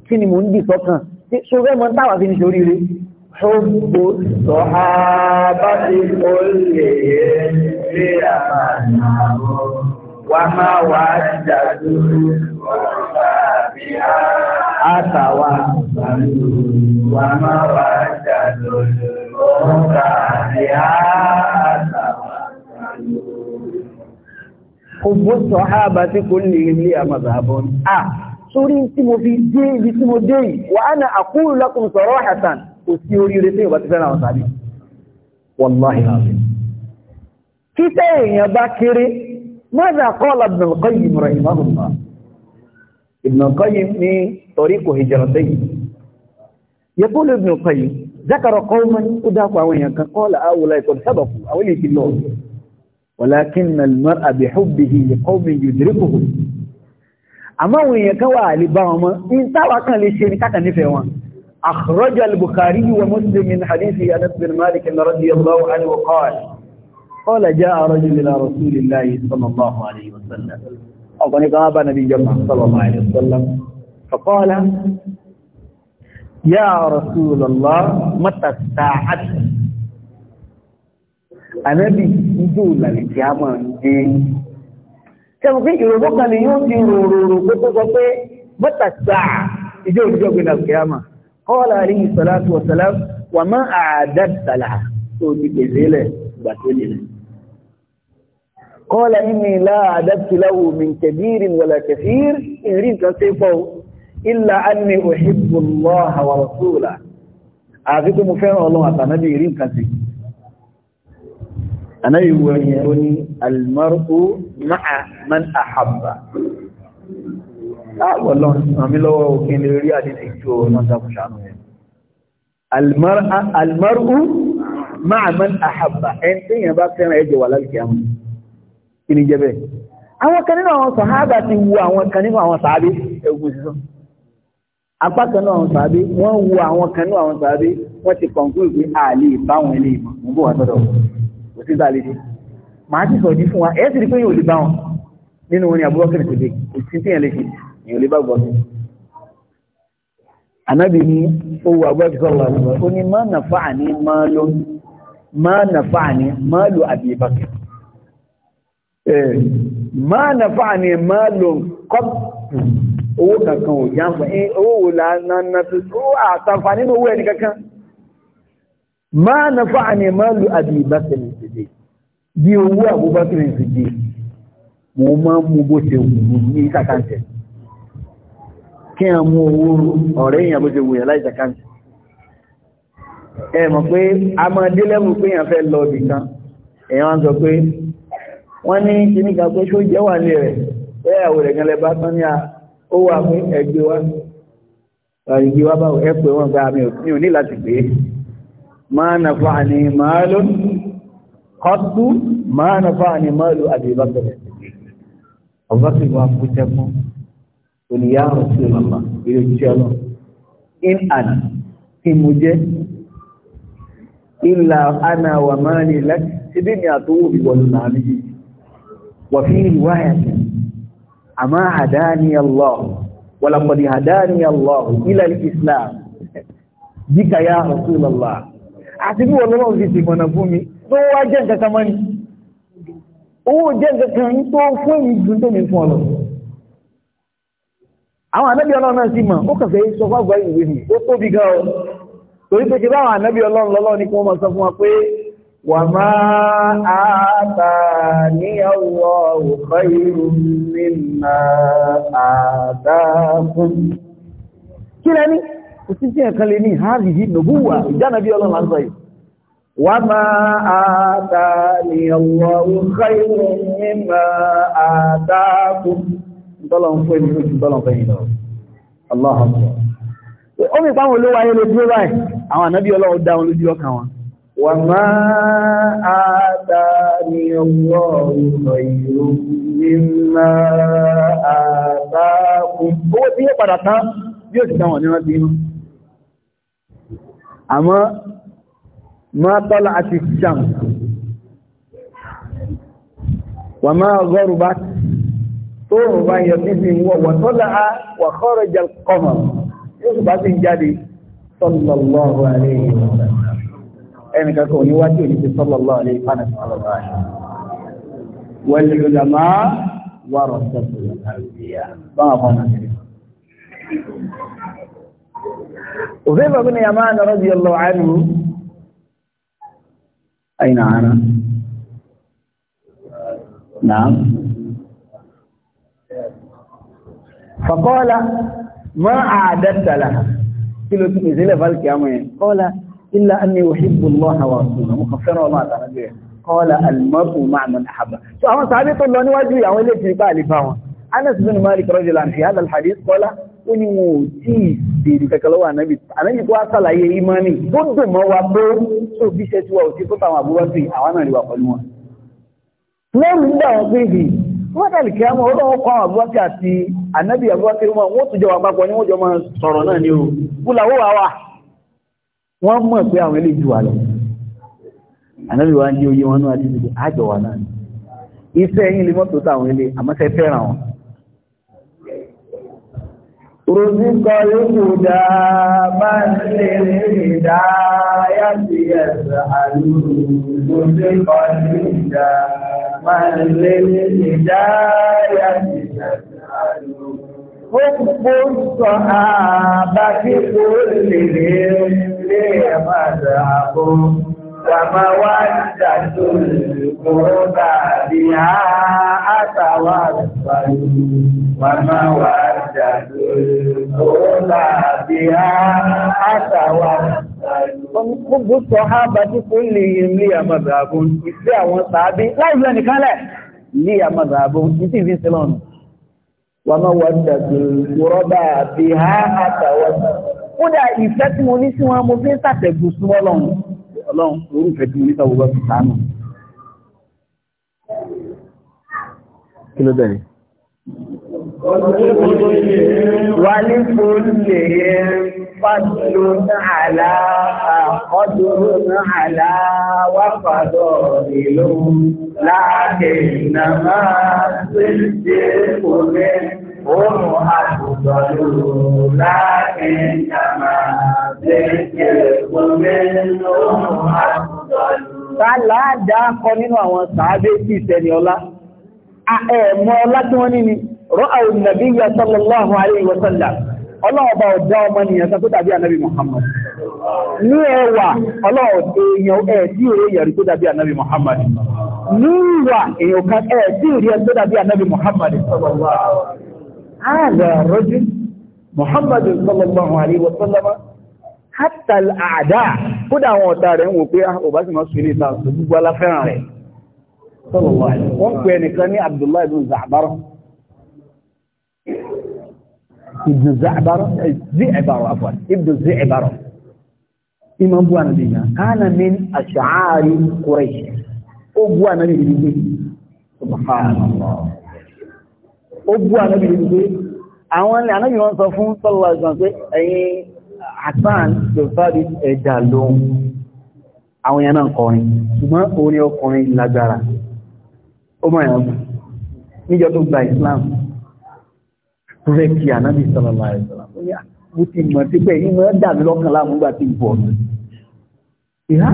kí ni mò ń dì sọ́kàn tí ṣorẹ́ mọ́ táwà fi ní ṣorí rẹ̀ gbogbo sọ̀hábá ti kú lèyẹ ní àmàzàbò wà máa wà jàdú àtàwà wà máa wà jàdú ọ̀rọ̀ àríyá àtàwà Ògbó sọ ààbà tí kò lè ilé àmàzàbọ̀. À, sórí tí mo fi dé ibi tí mo dé yìí, wà á na àkúrù lákùn sọ̀rọ̀ àṣàn kò sí oríire tí ìbá ti fẹ́ràn àwọn tàbí. Wàláhì ولكن المرء بحبه لقوم يدركه اما وين يكوا علي ان سوا كان لي شيء كان ني فيوان اخرج البخاري ومسلم من حديث انس بن مالك رضي الله عنه قال قال جاء رجل الى رسول الله صلى الله عليه وسلم او كان قابا نبي جمع صلى الله عليه وسلم فقال يا رسول الله متى الساعه ànábì ìjọ ìlànà tí a máa ń dé ṣẹ́gun pé ìrònú kan ni yóò ti rororo pé tó sọ pé mọ́tà sáà ìjọ ìjọ ìgbìnà kìámà kọ́ọ̀lá rí ìsọ̀látù ọ̀sọ̀lá wà má àádẹ́bìtàlà tó ti pèsè lẹ̀ gbà tó nílẹ̀ kọ́ọ̀lá ìmì láàádẹ́bìtàláwò min kẹbírin anáyí wọ ẹ̀yẹ ó ní almaru ma'a man ahabba láàwọ̀lọ́ àmì lọ́wọ́ òfin lè rí àdínà ìjọ mọ́sàkùsánú ẹ̀ almaru ma'a man ahabba ẹn tí yẹn bá fẹ́ràn ẹjọ wà lálùkẹ́ àmì kí ni jẹ́ bẹ́ẹ̀ àwọn kan nínú àwọn sàhábà ti wo àwọn kan nínú àwọn sàábé ẹgbùn sísan apá kan àwọn sàábé wọ́n wo àwọn kan àwọn sàábé wọ́n ti kọ̀ǹkúrù pé àlè ìbáwọn ilé ìmọ̀ mú bọ̀ sí gbàlè ní màá ti sọ̀dí fún wa ẹ̀ sì rí pé yóò lè bá wọn nínú orin àbúrò kìrì tèdè kò sí tí yẹn lè ṣe yóò lè bá gbọ́ mi. ànábì ní owó àbúrò kìrì sọ̀rọ̀ àbúrò ó ní má nà fa àní má ló má nà fa àní má lo àbí ìbàkì. má nà fa àní má lo kọ́pù owó kankan ò jáǹfà owó wò lá nà nà tó àtàǹfà nínú owó ẹni kankan ma na fa'ani malu abi bakr siddiq bí owó abubakar siddiq mo máa ń mú bó ṣe wù mí ní ìsàkáǹtẹ̀ kí a mú owó ọ̀rẹ́ èèyàn bó ṣe wù yàn láì ìsàkáǹtẹ̀ ẹ mọ̀ pé a máa dé lẹ́mù pé èèyàn fẹ́ lọ ibì kan èèyàn wọ́n sọ pé wọ́n ní kíní kan pé ṣó jẹ́ wà ní rẹ̀ ẹ̀ àwọ̀ rẹ̀ gan lẹ́bàá tán ní ó wà fún ẹgbẹ́ wa ẹgbẹ́ wa báwo ẹ pé wọ́n gba mi ò ní láti gbé ma nafa'ani malun qattu ma nafa'ani malu Abi Bakr Abubakar wa kúta fún olùyá Rasulullah ilé iṣẹ́ lọ in an kí mo jẹ́ illa ana wa mali lak ibi ni àtúwò bí wọlé náà ní wà fi riwaya àmá hadani Allah wa laqad hadani Allah ila al-Islam bika ya Rasulullah àti bí wọ́n lọ́wọ́ fi ṣègbọ̀nà fún mi tó wá jẹ́ nǹkan kan mọ́ni owó jẹ́ nǹkan kan tó fún mi dùn tó mi fún ọ lọ àwọn ànábì ọlọ́run náà sì ó kàn sọ fún ìwé mi ó tóbi gan ọ torí pé kébà àwọn ànábì ọlọ́run lọ́lọ́run ni kí wọ́n mọ̀ sọ fún wa pé wà máa àtà ní ọwọ́ òkọ́ irú mímọ̀ àtà fún kí lẹ́ni òsìsí ẹ̀kan lè ní ìhàrìhì nùbúwà ìjánàbí ọlọ́run àzọ yìí wà máa àtàlì ọ̀wọ̀ ìkọ́ìrò mímọ̀ àtàkù ìtọ́lọ̀n fún ẹni ojú tọ́lọ̀n fẹ́yìn mi pàwọn olówó ayé lè dúró báyìí àwọn ànábí ọlọ́run dá wọn ti àmọ́ máa tọ́lá àti ṣàm wà máa gọ́rù bá tó rùn bá yọ sí fi wọ́n wà tọ́lá á wà kọ́rọ̀ jẹ kọmọ̀ yóò sì bá sí jáde sallallahu alayhi wa sallam ẹnìkan kò Uzaifa يمان رضي الله عنه أين أنا؟ نعم فقال ما أعددت لها كيلو تنزل فالك يا مين قال إلا أني أحب الله ورسوله مخفرة الله تعالى قال المرء مع من أحبه فهو صحابي طلعني واجهي أولي في بالي فهو أنس بن مالك رجلا في هذا الحديث قال ó ní wọn ò tí ìbèrè kankan lọ́wọ́ ànábì kó wá sàlàyé ìmánì tó dùn mọ́ wa pé tó bí iṣẹ́ tí wa ò sí tó tàwọn àbúrò sí àwọn náà rí wa pẹ̀lú wọn. lẹ́rù ń dà wọ́n pé bì wọ́tàlì kí á mọ̀ ọlọ́wọ́ kọ́ àwọn àbúrò àti ànábì àbúrò sí wọn wọ́n tún jọ wà papọ̀ ni wọ́n jọ máa sọ̀rọ̀ náà ni o kúláwó wa wà. wọ́n mọ̀ pé àwọn ilé ju wa lọ ànábì wa ń dí oyé wọn náà رزق الهدى من للهداية يسأل رزق الهدى من للهداية يسأل حب الصحابة كل ذي مذهب والمودة القربى بها أتواصل والمودة القربى بها أتواصل Gbogbo sọ̀hábà tí kò lè ilé àmàdàbùn ìfẹ́ àwọn sàábí láìlú ẹnìkanlẹ̀ ilé àmàdàbùn ìtì ìfẹ́ sílọ̀nù. Wà máa wà dàbí rọ́bà bí ha àtàwọn. Kódà ìfẹ́ tí mo ní sí wọn mo fi ń sàtẹ̀gùn súnmọ́ lọ́run ọlọ́run orúfẹ́ tí mo níta gbogbo fi sàánù kí ló bẹ̀rẹ̀ wálé fún lè fàtìlú àlá àkọ́dúró àlá wàfàdọ̀ ìlú láàkè nàmá sí Òun àtùgbọ̀ lòrò láti ìjàmà léèkè omi lòun àtùgbọ̀ lòrò. Tàlá dá kọ nínú àwọn sàábé sí ìsẹni ọlá. Ẹ̀mọ́ ọlá tí wọ́n ní ni, rọ́ọ̀ nàbí yà sallallahu alayhi wa sallam. Ọlọ́ọ̀bá ọ̀dá ọmọ nìyàn kan tó ànábì Muhammad. Ní ẹwà ọlọ́ọ̀dá Muhammad. هذا الرجل محمد صلى الله عليه وسلم حتى الأعداء كدا وطارين وقيا وبس ما سيني تاسب ولا فنان صلى الله عليه وسلم وين كان عبد الله بن زعبر ابن زعبر زعبر عفوا ابن زعبر إمام بوانا دينا كان من أشعار قريش وبوانا دينا سبحان الله ó bú ànábì ní pé àwọn ilẹ̀ ànábì wọn sọ fún sọ́lọ́wà ìgbọ̀n pé ẹ̀yin Hassan lòfàdì ẹ̀dà lóhun àwọn èèyàn náà kọrin ṣùgbọ́n òun ni ọkùnrin lágbára ó mọ̀ ẹ̀rọ níjọ tó gba Islam rẹ̀ kí ànábì sọ́lọ́wà ìgbọ̀n ah, mo ti mọ̀ sí pé ìmọ̀ dàbí lọ́kàn láàmúgbà ti bọ̀ ìhà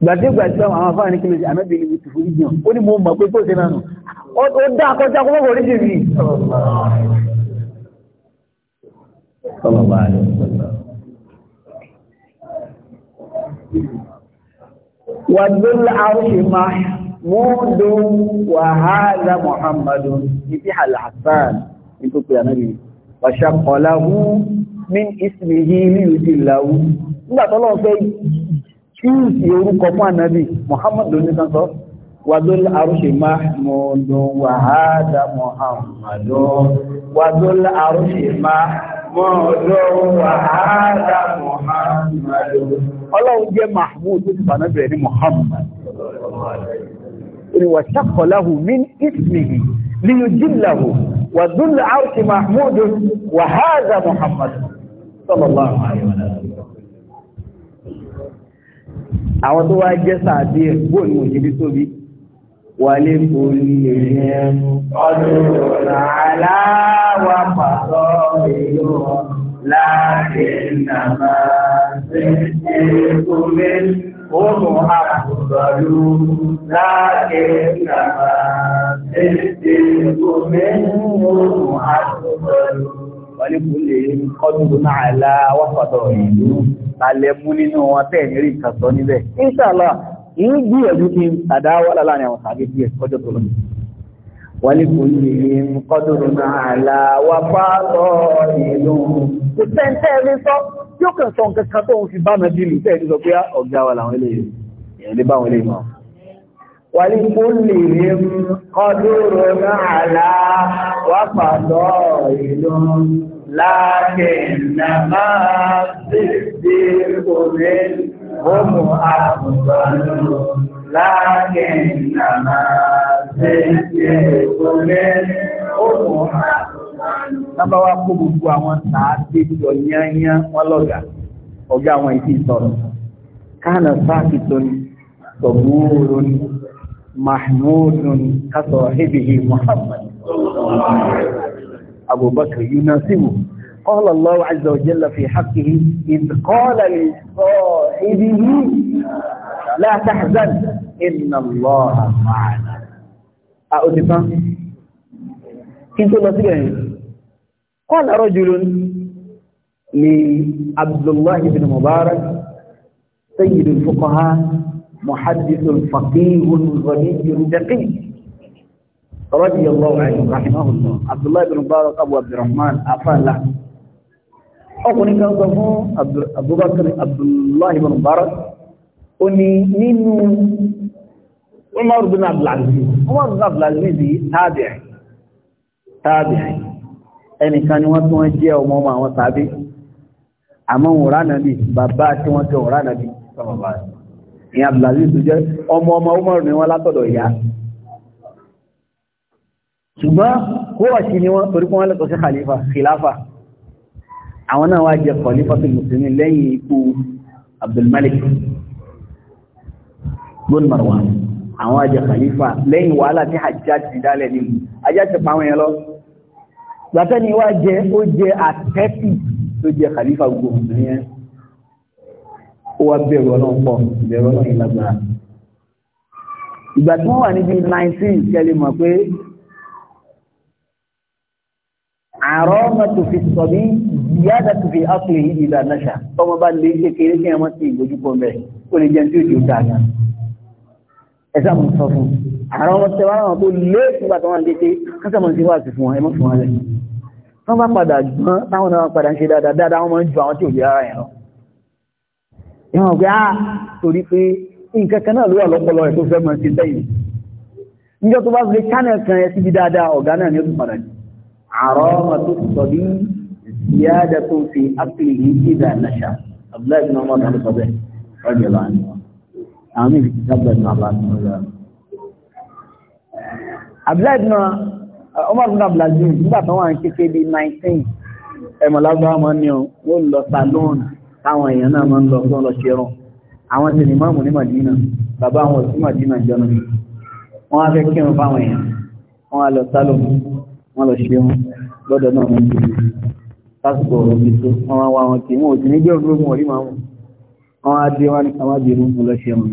gbàdégbà islam àwọn afáà ní kílòsì àmẹ́bìnrin ìwé tìfú ìjìyàn ó ní mo mọ̀ pé tó ṣe nánú ó dá akọjá kó mọ́bọ̀ oríṣi rí wàdúlá arúṣe máa múdó wàhálà muhammadu ní tí ní tó pè ànábì wàṣàkọ̀láwú min ismihi ní ìlú ti ìsì orúkọ fún ànábì Muhammad onísànsọ́ wàdúl arúṣe mahmudu wàhádà Muhammadu wàdúl arúṣe mahmudu wàhádà Muhammadu ọlọ́run jẹ́ mahmud tó ti fànà bẹ̀rẹ̀ ní Muhammad ni wàṣàkọ̀láhù min ismihi liyujillahu wàdúl arúṣe mahmudu wàhádà Muhammadu sallallahu alaihi wa sallam àwọn tó wá jẹ́ sàádé ẹ̀ bó ní òṣèlú tóbi wà lè kò ní èèyàn ọdún ọ̀nà aláwà pàtó èlò láàrin nàmà sí ìkúlé Omo àkùsọ̀lú láàrin nàmà sí ìkúlé omo àkùsọ̀lú. Wà lè kò lè kọ́dún náà aláwà pàtó èlò ìsàlẹ̀ mú nínú wọn tẹ́ ní rí nǹkan sọ níbẹ̀. Inshallah ń gbìyànjú láàrin àwọn sàbí díẹ̀ kọjọ́ tó lọ. ولكلهم قدر على وفائهم kò tẹ́ntẹ́ rí sọ yóò kàn sọ nǹkan kan tó ń fi bá mẹ́ bí lù tẹ́ẹ̀rí sọ pé ah, لكن ما الصديق هم أفضل لكن ما الصديق هم أفضل Nàbá wa kó gbogbo àwọn sàádé jọ yányá wọn lọ́gà, ọ̀gá àwọn ìdí ìtọ́nù. Káànà sáàkì tó ní, sọ̀gbúurú Mahmoud ní, kásọ̀ Muhammad. أبو بكر يناسبه قال الله عز وجل في حقه إذ قال لصاحبه لا تحزن إن الله معنا أعطفا كنت نصيحة يعني؟ قال رجل لعبد الله بن مبارك سيد الفقهاء محدث فقيه غني دقيق رضي الله عنه رحمه الله عبد الله بن مبارك أبو عبد الرحمن أفعل أقول كان ضمه أبو بكر عبد الله بن مبارك أني نينو عمر بن عبد العزيز عمر بن عبد العزيز تابع تابع ẹnì kan ni wọ́n جاء وما jẹ́ ọmọ ọmọ àwọn tàbí àmọ́ òrà nàbí bàbá tí wọ́n tẹ òrà nàbí sọ̀rọ̀ bá ní Abdulaziz tó jẹ́ ọmọ ọmọ ṣùgbọ́n kówà sí ni wọ́n torí kún wọ́n lẹ́tọ̀ sí khalifa khilafa àwọn náà wá jẹ khalifa tó musulmi lẹ́yìn ikú abdulmalik bin marwan àwọn ajẹ khalifa lẹ́yìn wàhálà tí hajjaj ti dálẹ̀ nínú hajjaj ti pàwọn yẹn lọ gbàtẹ́ ni wá jẹ ó jẹ àtẹ́tì tó wọ́n wà níbi 19 kẹ́lẹ́ pé àrọ́mọ̀tò fi sọ ní yáda tó fi ápùlẹ̀ yìí ìdá náṣà tọ́mọ bá lè ṣe kéré kí ẹmọ́ sí ìgbójúkọ mẹ́ ó lè jẹun tí ó jù dáadáa ẹ̀sà mọ̀ sọ fún àrọ́mọ̀tò wà náà tó lé nígbà tó wà lè ṣe kásàmọ̀ sí wà sí fún ẹmọ́ fún alẹ́ wọ́n bá padà gbọ́n táwọn náà padà ń ṣe dáadáa dáadáa wọ́n máa ń ju àwọn tí ò lè ara yẹn lọ ìwọ̀n pé á ah, torí pé nǹkan kan náà ló wà lọ́pọ̀lọ́ ẹ̀ tó fẹ́ mọ̀ sí lẹ́yìn níjọ́ tó bá fi lè channel kan ẹ síbi dáadáa ọ̀gá náà ni ó tún padà jù àrọ́mọ̀tò sọ̀bí ìyáàdà tó fi ápìlì ìdá nàṣà abdullahi bin umar náà sọ bẹ́ẹ̀ rọ́jò lọ́wọ́ ni wọn àwọn méjì ti sábà ní ọba tó ń lọ. abdullahi bin umar bin abdulaziz nígbà tó wà ń kékeré bíi nineteen ẹ̀mọ̀lágbá máa ń ní o wọ́n lọ salon táwọn èèyàn náà máa ń lọ fún ọlọ́ṣẹ́rùn àwọn ti ní máàmù ní Madina bàbá àwọn òsì Madina jọna wọ́n á fẹ́ kírun fáwọn èèyàn wọ́n á lọ salon wọ́n lọ ṣe lọ́dọ̀ náà wọ́n ti lásìkò ọ̀rọ̀ bí tó wọ́n wá wá wọn kì í wọ́n ti ní gbé ọdún ogun máa wọ́n wọ́n á dé wọn ní káwá di irun lọ ṣe wọn.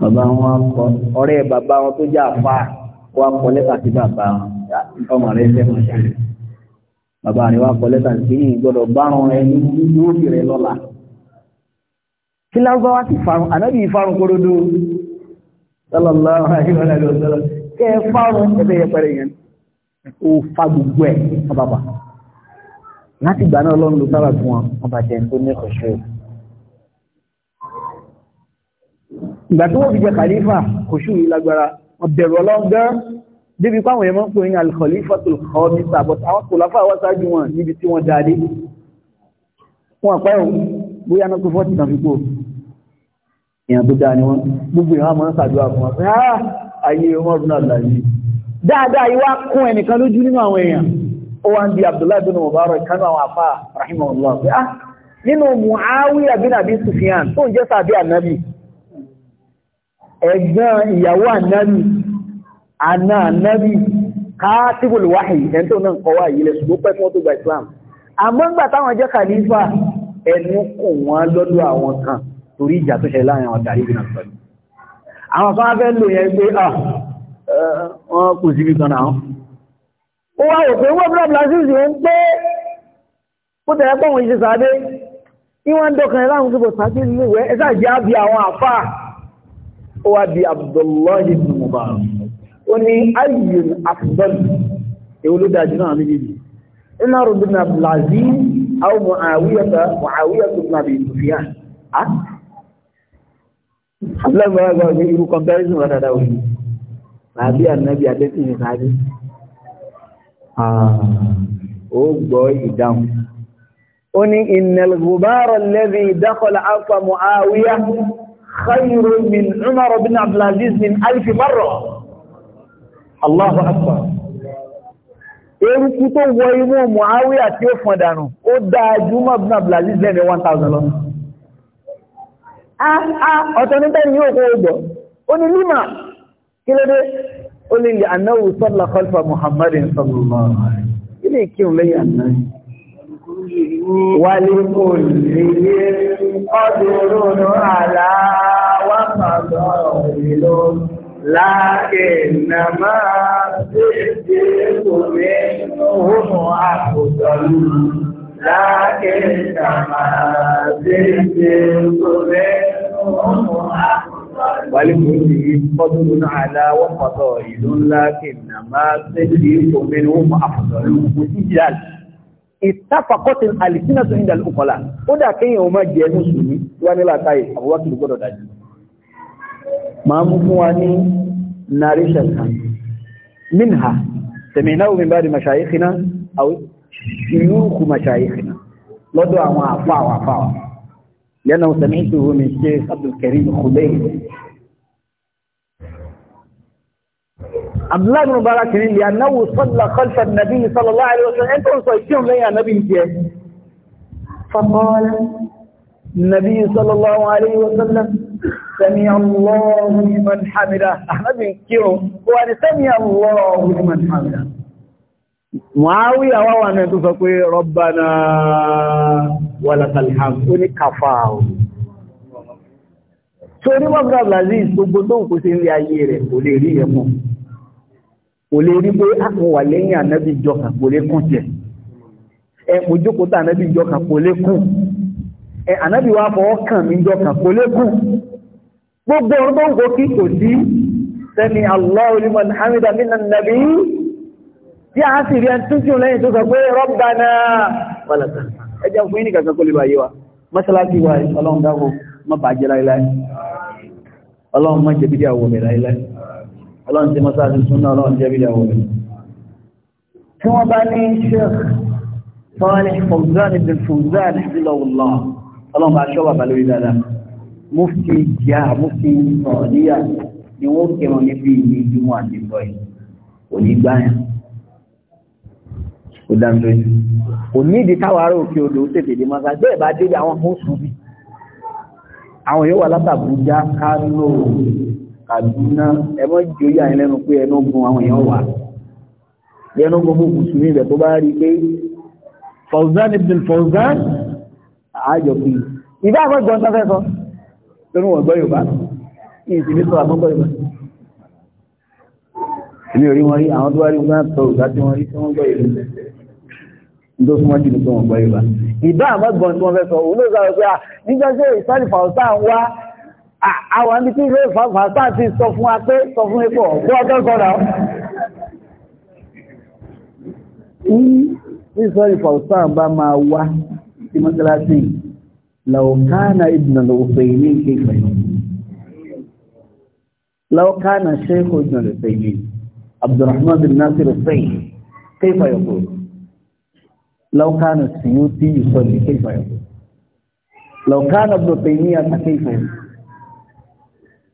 bàbá wọn kọ ọ̀rẹ́ bàbá wọn tó jẹ́ àfa wọn kọ lẹ́tà sí bàbá wọn ọmọ rẹ fẹ́ wọn ṣe. bàbá rẹ wá kọ lẹ́tà sí yìí gbọ́dọ̀ bárun ẹni yóò fi rẹ lọ́la. kí lárúbáwá ti farun ànábì farun korodo sallallahu alaihi wa ó fa gbogbo ẹ̀ wọ́n bá bà láti ìgbà náà lọ́nà ló sábà fún wọn wọ́n bá jẹ́ tó ní ọ̀ṣọ́ ẹ̀. ìgbà tí wọ́n fi jẹ kàlífà kòṣù yìí lágbára wọ́n bẹ̀rù ọlọ́run gan débi pàwọn èèyàn máa ń pè ní alikọ̀lífà tó kọ́ ní sàbọ̀tà àwọn kòláfà wá sáájú wọn níbi tí wọ́n dáadé wọn àpá ẹ̀hún bóyá náà tó fọ́tì kan fi kó èèyàn tó dáa ni wọ́n gbogbo èèyàn máa fún wọn pé ah, ayé ọmọ ọdún náà dáadáa ìwá kún ẹnìkan lójú nínú àwọn èèyàn ó wá ń di Abdullahi bin Mubarak kánú àwọn afá rahimahullah pé ah nínú Muawiya bin Abi Sufyan tó ń jẹ́ sàbí ànábì ẹ̀gbọ́n ìyàwó ànábì àná ànábì katibul wahyi ẹni tó náà kọwà yìí lẹ̀ ṣùgbọ́n pẹ́ tó gba Islam àmọ́ ń gbà táwọn jẹ́ khalifa ẹnu kùn wọ́n lọ́dọ̀ àwọn kan torí fẹ́ lò yẹn pé ah wọ́n kù síbi kan náà ó wá òpé wọ́n bílọ̀ blasius ń pé ó tẹ̀yẹ pọ̀ wọ́n ìṣẹ́ sàádé ní wọ́n dọ́kan ẹláhùn tó bọ̀ sàádé nínú ìwẹ́ ẹ̀sà jẹ́ àbí àwọn àfà ó wá bí Abdullahi bin Mubarak ó ní ayyun afdal èwo ló dájú náà méjèèjì iná rògbò na blasius àwọn Muawiyata Muawiyata bin Abi Sufyan ah! Abdullahi bin Mubarak irú comparison rẹ̀ dáadáa wọ̀nyí tàbí ànábì àtẹ́sí ní tàbí ó gbọ́ ìdáhùn ó ní ìnàlùbára lẹ́bí ìdákọ̀lá alfa mu'awiya khayru min umar bin abdulaziz min alfi marra allahu akbar eruku tó wọ imú mu'awiya tí ó fọn dànù ó dáa jùmọ̀ bin abdulaziz lẹ́ni 1000 lọ ah, ah, ọ̀tọ̀ nígbẹ̀rẹ̀ yóò kó gbọ́ ó ní lima kí ló dé ó lè lè anáwó sọ́lá kọlfà muhammadin sọ́lọ́lọ́ ilé ìkírùn lẹ́yìn anáwó wálé kò lè yé ọdún aláwàpàdọ̀ ìlú láàkínà máa tètè kò ولكل فضل على وفضائل لكن ما صديق منهم أفضل وسجال اتفقت الألسنة عند الأقلاء ودا كان يوم جاء مسلمي وانا لا تاي أبو وكي بقول داجي ما مفواني نارشة منها سمعناه من بعد مشايخنا أو شيوخ مشايخنا لدو أما أفاع وأفاع لأنه سمعته من الشيخ عبد الكريم خبيب abdullahi bin mubarak ni li annahu salla khalfa an-nabi sallallahu alaihi wasallam en ton so ikun le ya nabi je fa qala an-nabi sallallahu alaihi wasallam sami allahu liman hamida ahnabi kiro wa ni sami allahu liman hamida muawiya wa wa to so pe rabbana wa lakal hamd oni kafao so ni abdul aziz gbogbo tó ń kó sí ilé ayé rẹ̀ kò lè rí ẹ̀mọ́ kò lè rí pé àwọn ah, wà lẹ́yìn ànábì jọkàn kò lè kún tiẹ̀ ẹ mo jókòó tá ànábì jọkàn kò lè kún ẹ ànábì wa fọwọ́ kàn mí jọkàn kò lè kún gbogbo ọ̀rọ̀ tó ń kó kí kò sí sẹ́ni Allahu liman hamida minan nabi tí a sì rí ẹni tuntun lẹ́yìn tó sọ pé rabbana wàlàtà ọlọ́run ti mọ́sáàtì súnà ọlọ́run jẹ́ bí ìyàwó rẹ̀. tí wọ́n bá ní sheikh sọ́ọ́lì fọ̀zán ibi fọ̀zán ìfìlọ̀wùlọ́ ọlọ́run bá ṣọ́ bàbá lórí dáadáa mufti jíà mufti sọ̀ọ́díyà ni wọ́n kẹwọn níbi ìní júmọ́ àti bọ́ yìí kò ní gbá yẹn kò dá mi lójú kò ní ìdí táwọn ará òkè odò ó tètè dé mọ́sáàtì bẹ́ẹ̀ bá dé àwọn fún sùn bí àwọn yóò wà látàbújá kánò Kàdúná ẹmọ́ jòyà yẹn lẹ́nu pé ẹnu gun àwọn èèyàn wà ẹnu gun fún mùsùlùmí rẹ̀ tó bá rí pé Fawzan ibn Fawzan àájọ pé ìbá àwọn ìgbọ́n sáfẹ́ sọ lórí wọ̀n gbọ́ Yorùbá ní ìsinmi sọ àwọn gbọ́ Yorùbá èmi ò rí wọn rí àwọn tó wá rí wọn sọ òkà tí wọn rí tí wọn gbọ́ Yorùbá tó súnmọ́ jù ní tó wọn gbọ́ Yorùbá ìbá àwọn ìgbọ́n tí wọn fẹ́ sọ òun ló sọ pé nígbà tí ìsàlìfà ọ̀sán wá àwọn ibi tí ilé fàfàtà ti sọ fún wa pé sọ fún epo ọ̀pọ̀ ọjọ́ sọ́dá ní sọ́rí fàfàtà bá máa wá sí mọ́sálásí laukana ibùnà lòfèé ní kéfẹ́ laukana sheikh ibùnà lòfèé ní abdurrahman bin nasir hussein laukana siyuti yusuf kéfẹ́ yọkùn laukana ibùnà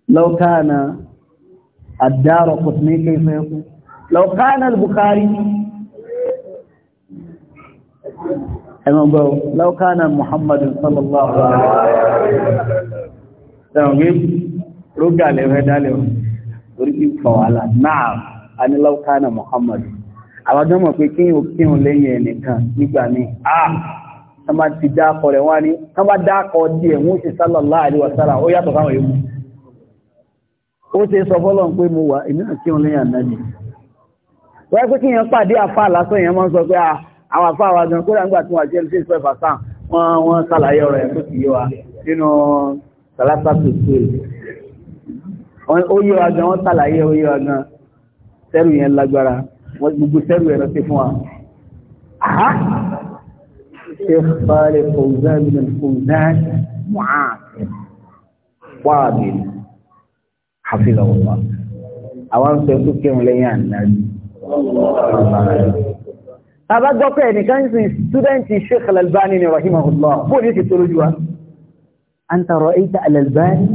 لو كان الدار قطني كيف يكون لو كان البخاري لو كان محمد صلى الله عليه وسلم تمام رجع له داله ورجع فوالا نعم انا لو كان محمد àwọn gan mọ̀ pé kíyàn kíyàn lẹ́yìn ẹnìkan nígbà ní àà tán bá ti dákọ̀ rẹ̀ wá ní tán bá dákọ̀ díẹ̀ wọ́n sì sallallahu alaihi wasallam ó yàtọ̀ sáwọn èèkù ó ṣe sọ fọ́lọ́n pé mo wà èmi náà kí wọn lẹ́yìn ànájì wọ́n pé kí yẹn pàdé àfà lásán yẹn máa ń sọ pé ah, àwọn àfà wa gan kódà nígbà tí wọ́n àti ẹlẹ́sẹ̀ ìfẹ́ fàtà wọ́n wọ́n ṣàlàyé ọ̀rọ̀ ẹ̀ tó ti yé wa nínú sàlásà tó tó ó yé wa gan wọ́n ṣàlàyé ó yé gan sẹ́rù yẹn lágbára wọ́n gbogbo sẹ́rù yẹn lọ́sẹ̀ fún wa. Sheikh Saleh Fawzan bin Fawzan Mu'afir Wabil حفظه الله àwọn sọ tó kírun lẹ́yìn ànábì tàbá gbọ́ pé ẹnìkan sí ṣúdẹ́ntì sheikh al-albani ni rahimahullah bó ní ti tóró jùwa an tàrọ ẹ̀ta al-albani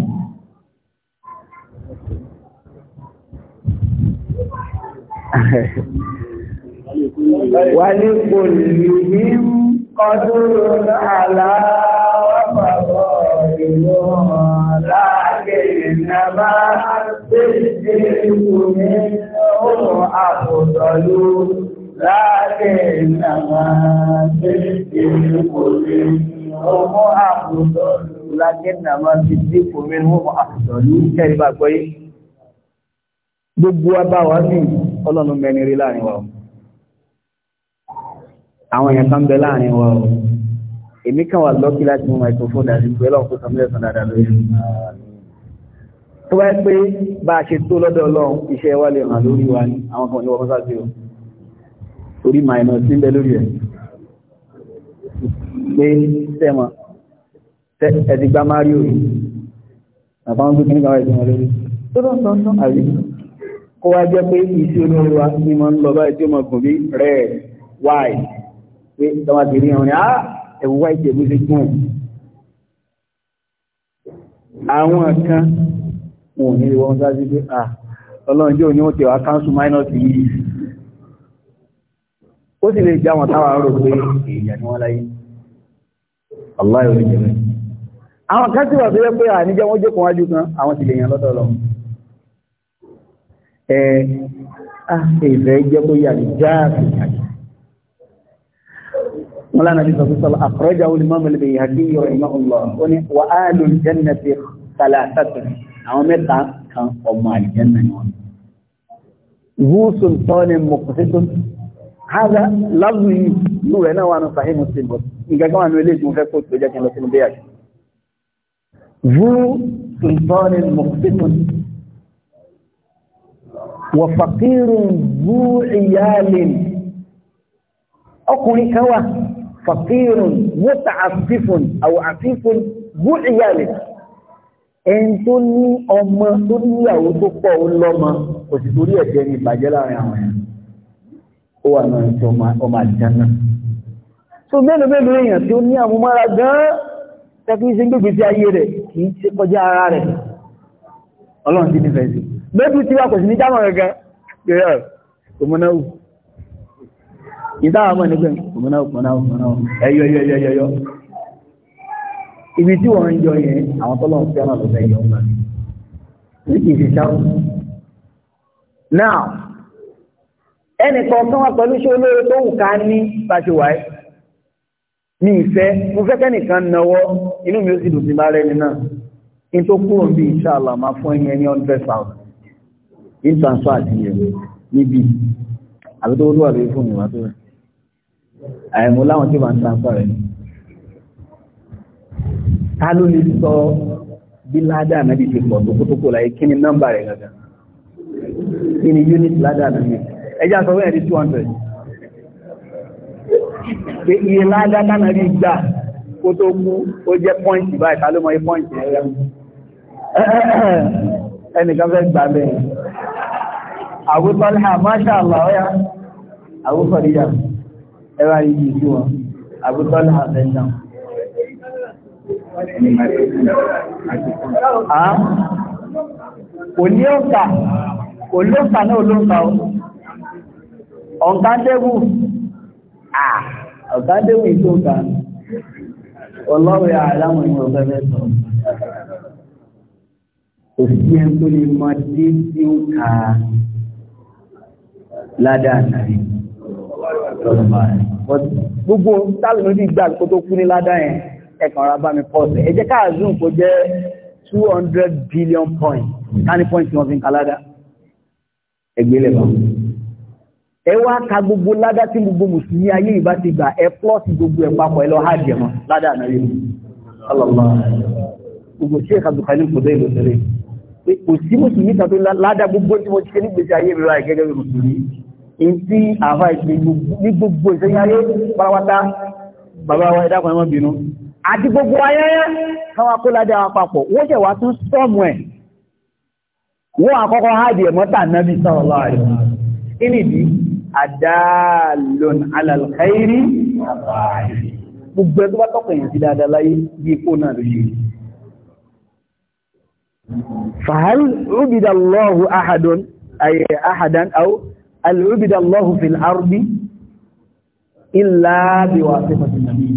wà ní kò lè ní ọdún aláwọ̀ pàpọ̀ ìlú ọmọ إنما الصديق منهم أفضل لكنما الصديق منهم أفضل lágẹ́nàmá ti dé kòmí ní wọ́n àtọ̀lú kẹrìbà gbọ́yé gbogbo ọba wa ní ọlọ́run mẹ́rin rí láàrin wa àwọn èèyàn kan bẹ láàrin wa ọ̀rọ̀ èmi kan wà lọ́kí láti mú microphone àti ìgbé ọlọ́run kó sọmílẹ̀ sàn dáadáa lórí tó bá pé bá a ṣe tó lọ́dọ̀ ọlọ́run iṣẹ́ wa lè hàn lórí wa ní àwọn kan ní wọ́n sáfẹ́ o torí màìnà sí ń bẹ lórí ẹ̀ pé sẹ́mọ̀ ẹ̀dìgbà mario bàbá wọn gbé nígbà wáyé wọn lórí tó lọ́ sọ sọ àrí kó wá jẹ́ pé iṣẹ́ olórí wa ni mo ń lọ báyìí tí ó mọ̀ gùn bí red white pé tọ́wọ́ ti rí wọn ah! ẹ̀wùwá ìjẹ̀bú ti gùn àwọn kan wọn ní ìwọ̀n sáájú pé à ọlọ́run jẹ́ òní wọ́n tẹ̀wà káńsù minus yìí ó sì lè já wọn táwà rò pé èèyàn ni wọ́n láyé aláì oníjẹ̀mẹ́ àwọn kan sì wà tó yẹ pé àníjẹ́ wọ́n jókòó wájú kan àwọn sì lè yàn lọ́dọ̀ lọ ẹ̀ ìfẹ́ jẹ́ kó yà àjẹ́ wọn lánàá bí sọ̀tún sọ̀lá àkọ́rọ́jà olùmọ́mù lè yà kí yọ ìmọ̀ ọ̀lọ́ ó ní wà á lò jẹ́nà ti kàlà sàtún àwọn mẹ́ta kan ọmọ àlìjẹ́nà ni wọn. Gúúsùn tọ́ ni mọ̀kùsítún. Hága lábù yìí lù rẹ̀ náà wà nù sàhí Mùsùlùm bọ̀. Nǹkan kan wà nù ilé ìgbìmọ̀ fẹ́ kó tó jẹ́ kí n lọ sínú bí yàrá. Gúúsùn tọ́ ni mọ̀kùsítún. Wọ̀fàkírùn bú ìyáàlìn. Ọkùnrin kan wà fàkírù mọ́ta àfífún àwọn àfífún búrìyàlẹ̀ ẹni tó ní ọmọ tó níyàwó tó pọ̀ ó lọ́mọ kò sì torí ẹ̀jẹ̀ ní ìbàjẹ́ láàrin àwọn èèyàn ó wà náà tí ọmọ àjánà so mélòó mélòó èèyàn tí ó ní àmúmára gan-an tẹ́kí ṣe ń gbègbè sí ayé rẹ̀ kì í ṣe kọjá ara rẹ̀ ọlọ́run ti nífẹ̀ẹ́ sí mébù tí wà kò sí ní jámọ̀ gẹ́gẹ́ ìdáwà mọ̀ nígbẹ̀ òmìnà òmìnà òmìnà ẹyọ ẹyọ ẹyọ ẹyọ ibi tí wọ́n ń yọ yẹn àwọn tọ́lọ̀ ń fẹ́ràn ló fẹ́ yọ ọ́n ní kìí ṣe ṣáwó. now ẹnì kọ̀ọ̀kan wa pẹ̀lú ṣé olóore tó wù ká ní báṣe wáyé ní ìfẹ́ mo fẹ́ kẹ́nìkan náwó inú mi ó sì dùn sí bá rẹ́ni náà in tó kúrò bí inshallah máa fún ẹ̀yìn ẹni hundred thousand in transfer àti yẹn níbi àbí tó wọ́n wà lórí fóònù wa tó rẹ̀. àìmọ̀ láwọn tí wọ́n ń ta ló sọ bí ládà pọ̀ tó kótókó láyé kí ni nọ́mbà rẹ̀ kí ni unit ládà ẹjá sọ pé iye ládà gbà kó tó kú ó jẹ́ pọ́ǹtì báyìí ta ló mọ iye pọ́ǹtì ẹnìkan fẹ́ gbà bẹ́ẹ̀ ẹwà yìí sí wọn àbútọ́lá àfẹ́sàn. kò ní òǹkà kò lóǹkà náà lóǹkà o ọ̀ǹkàndébù ọ̀ǹkàndébù ìṣòǹkà ọlọ́rẹ̀ àláwọn ìwọ̀n fẹ́fẹ́ sọ kò sí ẹni tó lè mọ dé ládàá nàìjíríà gbogbo tálùmí bí gbà kó tó kú ní ládá yẹn ẹkàn ra bá mi pọ́ọ̀sì ẹ jẹ́ ká zoom kó jẹ́ 200 billion point tiny point tí wọ́n fi ń ka ládá ẹgbẹ́lẹ̀ bá ẹ wá ka gbogbo ládá tí gbogbo mùsùlùmí ayé ìbá ti gbà ẹ plọ́ọ̀sì gbogbo ẹ̀ papọ̀ ẹ lọ há jẹ̀ mọ́ ládá àná yìí gbogbo ṣé ìkàdùkàní kò dé ìlú tẹ̀lé kò sí mùsùlùmí kan tó ládá gbogbo tí mo ti ṣe nígbèsè ayé mi ra gẹ́gẹ́ bí mùsùlùmí ìdí àfá ìpé ní gbogbo ìsẹ́yáyé pàwátá bàbá wa ìdákan ẹmọ́ bínú àti gbogbo ayẹ́yẹ́ káwà kó ládé àwọn papọ̀ wó jẹ́ wà tún sọ́mù ẹ̀ wọ́n àkọ́kọ́ hajj ẹ̀mọ́ta nábi sallallahu alaihi wasallam inidi adalun ala alkhairi gbogbo ẹgbẹ́ tọ́kọ̀ yẹn sí dáadáa láyé bí ahadan aw alìrúbìdà الله في àrùbí ìlà bí wà sí pàtàkì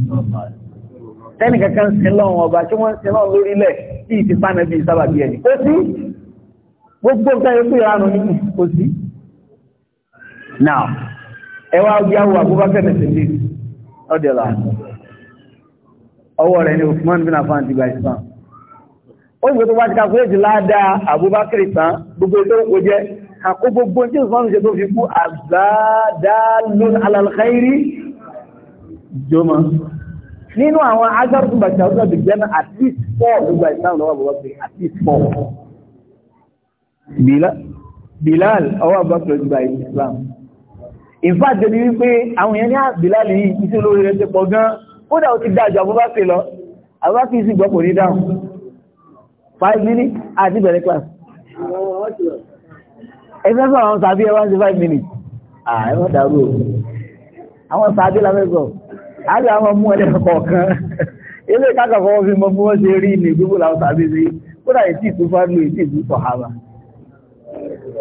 tẹ́nì kankan sílọ́wọ́n ọba tí wọ́n sílọ́wọ́n lórílẹ̀ tí ìfi pánà bí sábà bí ẹni kò sí gbogbo nǹkan yóò pèrà nù nínú kò sí now ẹwà ọgbẹ́ àwọ̀ Abubakar mẹ́sìlẹ̀ ọdẹ̀lá ọwọ́ rẹ̀ ni Usman bin Affan ti gba àkó gbogbo tí ìsọ́nù ṣe tó fi kú àgbádálún alàlẹ́rí jọmọ́ nínú àwọn agbárùn bàtà ọ̀sán bí jẹ́nà at least four lọ́gbà ìsáhùn lọ́wọ́ bọ̀ least four Bilal ọwọ́ àbáfẹ́ gba Islam in fact débi wípé àwọn èèyàn ní ah, Bilal yìí iṣẹ́ olórí rẹ̀ ti pọ̀ gan kódà ó ti dájọ Abubakar lọ gbọ́pọ̀ ní dáhùn five minutes àti bẹ̀rẹ̀ class ẹgbẹ́ sọ àwọn sàbí ẹwà sí five minutes Ah, àìmọ́ dàrú o àwọn sàbí lámẹ́sọ̀ àrí àwọn mú ẹlẹ́ kọ̀ọ̀kan ilé kákàfọ́ fi mọ bí wọ́n ṣe rí ní gbogbo làwọn sàbí sí kódà ètí ìtú fáàlú ètí ìtú sọ̀hábà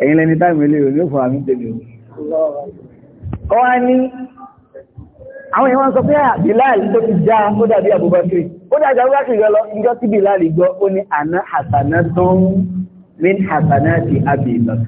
ẹ̀yìn lẹni táìmù ilé òní òfò àmì tèmi o ọ wá ní àwọn èèyàn sọ pé Bilal tó ti já ó dàbí Abubakar ó dàbí Abubakar yọ lọ ìjọ tí Bilal gbọ́ ó ní àná hasanatun min hasanati Abi Bakr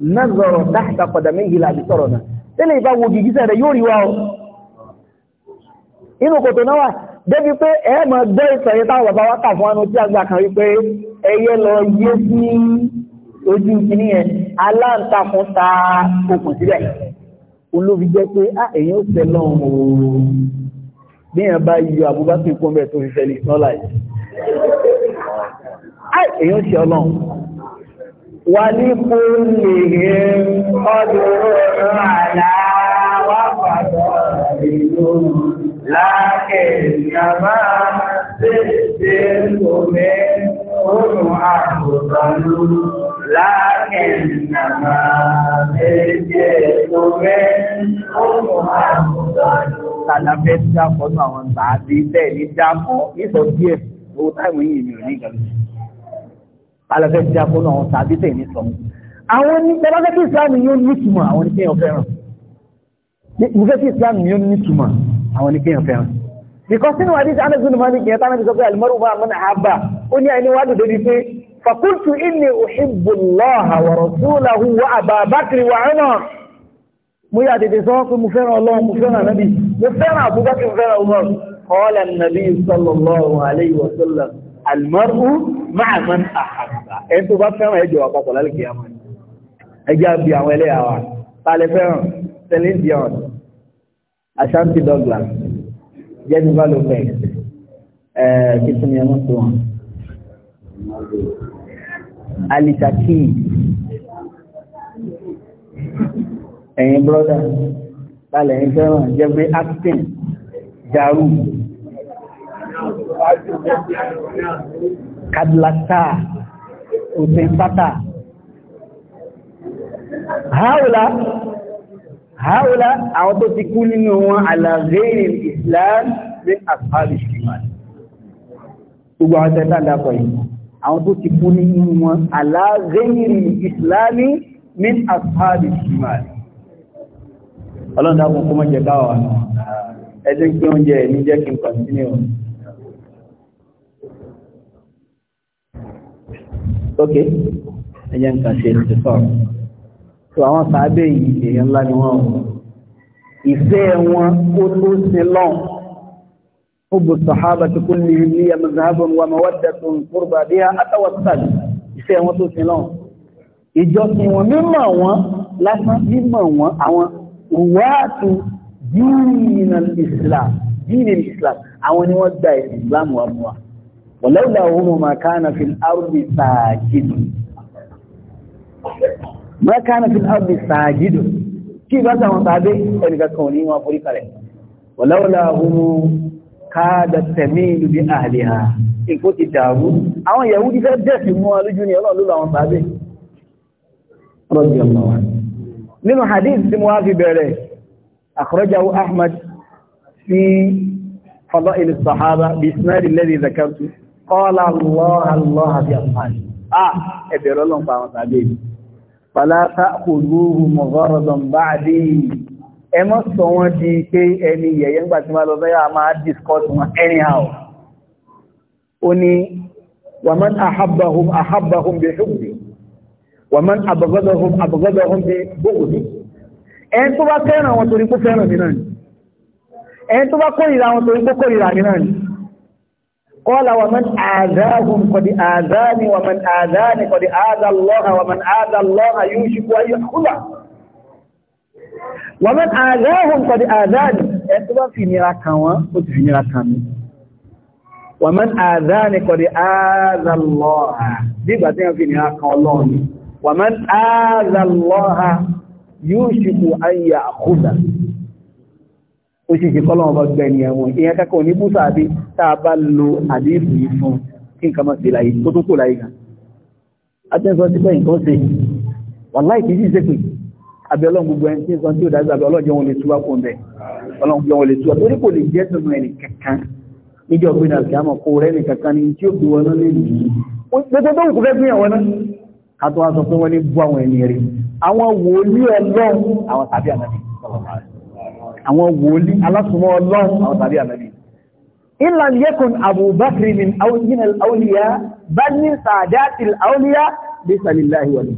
nazara tahta qadamihi la bisarana tẹ́lẹ̀ ìbá wo gìgísẹ̀ rẹ̀ yóò rí wá o inú kòtò náà wà débi pé ẹ mọ̀ gbọ́ ìtàn yẹn táwọn bàbá wa kà fún wọn tí a gbà kan rí pé ẹyẹ lọ yé sí ojú kìíní yẹn aláǹtakùn ta okùn síbẹ̀ olóbi jẹ́ pé á èyí ó fẹ́ lọ́n o bí yẹn bá yọ Abubakar kúnbẹ̀ tó fi fẹ́ lè sọ́lá yìí èyí ó ṣe ọlọ́run ولكلهم قدر على وقدر لكن كما سئلت منهم أفضل لكن كما سئلت منهم أفضل Tàlá fẹ́ dápọ̀ ní àwọn tàbí tẹ́ẹ̀ ní dápọ̀ ní sọ díẹ̀ owó táìmù yìí mi ò ní ìgbàlódé alẹ́fẹ́ ti akọ́nà àwọn tàbí tẹ̀ ní sọ. Àwọn ní ẹlọ́fẹ́ tí ìsìlámù yóò ní ìtumọ̀ àwọn ní kéèyàn fẹ́ràn. Mo tí ìsìlámù yóò ní ìtumọ̀ àwọn ní kéèyàn fẹ́ràn. Because nínú wa dídí Anas bin Malik yẹn tánà ti sọ pé Alimaru bá Amana Abba ó ní àìní wá dòdò di pé Fakultu inni uhibbu Allaha wa rasulahu wa Aba Bakri wa Umar. Mo yà tètè sọ pé mo fẹ́ràn Ọlọ́run, mo fẹ́ràn Ànábì, mo fẹ́ràn Abubakar, mo fẹ́ràn Umar. Qala an-Nabi sallallahu alayhi almaru ma'aman ahabba ẹni tó bá fẹ́ràn ẹjọ́ àpapọ̀ lálẹ́kẹ̀ẹ́ àmọ́ ẹjọ́ àbí àwọn ẹlẹ́yà wa tààlẹ́ fẹ́ràn Celine Dion Ashanti Douglas Jennifer Lopez kìtìmí ẹmọ tó wọn Alicia Keys ẹ̀yin brọ́dà tààlẹ́ ẹ̀yin fẹ́ràn Jeffrey Aston Jaru kadlata utensata haula haula àwọn tó ti kú nínú wọn alàgbèrè islam ní àfáàbì ṣìmán gbogbo àwọn tẹ́ta dápọ̀ yìí àwọn tó ti kú nínú wọn alàgbèrè islami ní àfáàbì ṣìmán ọlọ́dá kún ókè ẹjẹ́ nǹkan ṣe ti sọ̀rọ̀ tó àwọn sàábẹ̀ yìí èèyàn ńlá ni wọ́n ìfẹ́ wọn ó tó sin lọ́n حب الصحابة كلهم لي مذهب ومودة قربى بها أتوسل ìfẹ́ wọn tó sin lọ́n ìjọsìn wọn mímọ̀ wọn lásán mímọ̀ wọn àwọn ruwaatu dínì islam dínì islam àwọn ni wọ́n gba ìsìlámù wa wọ̀lẹ́wọ̀lẹ́ ohun makana fi ardi sàájìdù makana fi ardi sàájìdù kí bá sàwọn sàábé ẹnìkankan ní wọn forí kalẹ̀ wọ̀lẹ́wọ̀lẹ́ ohun káàdà tẹ̀mílù bí àhàlì ha ìkó ti dàrú àwọn yahudi fẹ́ dẹ̀sì mú alójú ni ọlọ́run lóla àwọn sàábé rọ́bì ọmọ wa nínú hadith tí mo kọ́lá lọ́ àlọ́ àbí àfààní. a ẹ̀bẹ̀rẹ̀ ọlọ́run pa àwọn tàbí èmi. pàlátà kò lóru mọ̀gọ́rọ̀dọ̀n bá dé ẹ mọ́ sọ wọ́n di pé ẹni yẹ̀yẹ́ ńgbà tí wọ́n lọ bẹ́yà anyhow. ó ní wàmán àhábàhùn àhábàhùn bí ṣùgbọ́n wàmán àbọ̀gọ́dọ̀hùn àbọ̀gọ́dọ̀hùn bí bókùnrin. ẹ̀ tó bá fẹ́ràn قال ومن آذاهم قد آذاني ومن آذاني قد آذى الله ومن آذى الله يوشك أن يأخذه ومن آذاهم قد آذاني ẹ̀tọ́bá fi nira kan wọ́n ó ti fi nira kan mi ومن آذاني قد آذى الله bí ìgbà tí wọ́n fi nira kan ọlọ́run ومن آذى الله يوشك أن يأخذه ó sì ṣe kọ́lọ̀ ni gbẹ̀ni ẹ̀wọ̀n ìyẹn kẹ́kọ̀ọ́ ní búsà àbí táa bá lo àdéhùn yìí fún kí nǹkan máa ṣe láyé tó tó kò láyé gan. atẹ́sọ ti pẹ́ nǹkan ṣe wàláì kìí sì ṣe pé àbí ọlọ́run gbogbo ẹni tí ń san tí ó dájú àbí ọlọ́run jẹ́ wọn lè túwá kó ń bẹ̀ ọlọ́run jẹ́ wọn lè túwá torí kò lè jẹ́ àwọn wòlí alásùnmọ́ ọlọ́run àwọn tàbí ànábì ilà yẹ́kùn abubakri min awuyin al'auliya bá ní sàdáàtì al'auliya lè sàlìláhì wọlé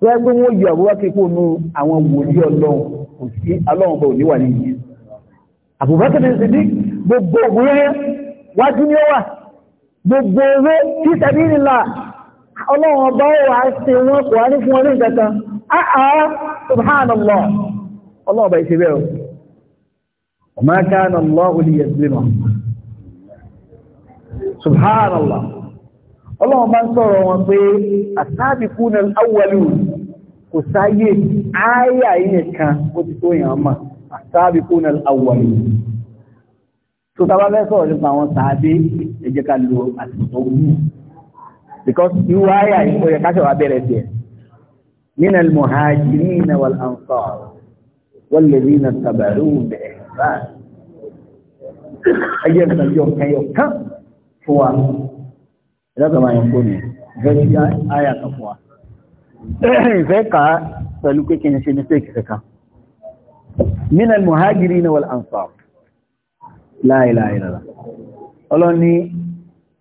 tó ẹgbẹ́ wọ́n yọ abubakri kó nú àwọn wòlí ọlọ́run kò sí ọlọ́run bá òní wà ní ìyẹn abubakri ti di gbogbo òwúrẹ́ ọba ó ṣe wọn kò wá ní fún ọdún ìjẹta áà subhanallah ọlọ́run bá ṣe bẹ́ẹ̀ o ọmọ kana Allahu liyazlimahum subhanallah ọlọ́run bá ń sọ̀rọ̀ wọn pé asabiquna al-awwalun kò sáyé ááyà yìí kan ó ti tó yàn mọ́ asabiquna al-awwalun tó tábà fẹ́ sọ̀rọ̀ nípa àwọn sàábé ẹ jẹ́ ká lo àtìtò wù because irú ááyà yìí ó yẹ ká ṣe wà bẹ̀rẹ̀ tiẹ̀ minal muhajirin wal ansar. والذين تبعوه بإحسان أجل من يوم كان يوم كان فوا ما يقولون ذلك آية فوا ذلك من المهاجرين والأنصار لا إله إلا الله قالوني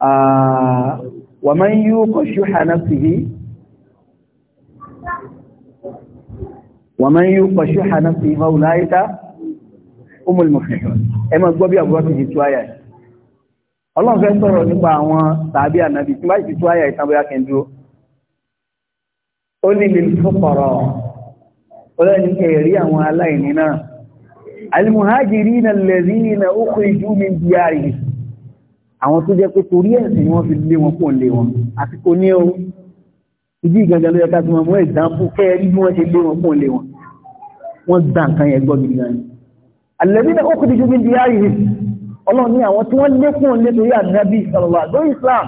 آه، ومن يوقش حنفه ومن يوق شح نفسه فاولئك هم المفلحون ẹ máa gbọ́ bí àbúrò ti di tú àyà yìí ọlọ́run fẹ́ sọ̀rọ̀ nípa àwọn tàbí ànábì tí báyìí ti tú àyà ìtàn bóyá kí n dúró ó ní lè fọ́pọ̀rọ̀ ọlọ́run kẹ rí àwọn aláìní náà almuhajirina alladhina ukhriju min diyarihim àwọn tó jẹ́ pé torí ẹ̀sìn ni wọ́n fi lé wọn kó lé wọn àsìkò ní o ìdí ìgangan ló yẹ ká tún mọ́ ìdánfún kẹ́ẹ̀rí bí wọ́n ṣe lé wọn fún lé wọn wọ́n gbà nǹkan yẹn gbọ́ gidi gan-an alẹ́bí náà ó kùdí jùmí di ayé ọlọ́run ní àwọn tí wọ́n lé fún un nítorí ànábì sọ̀rọ̀wà Islam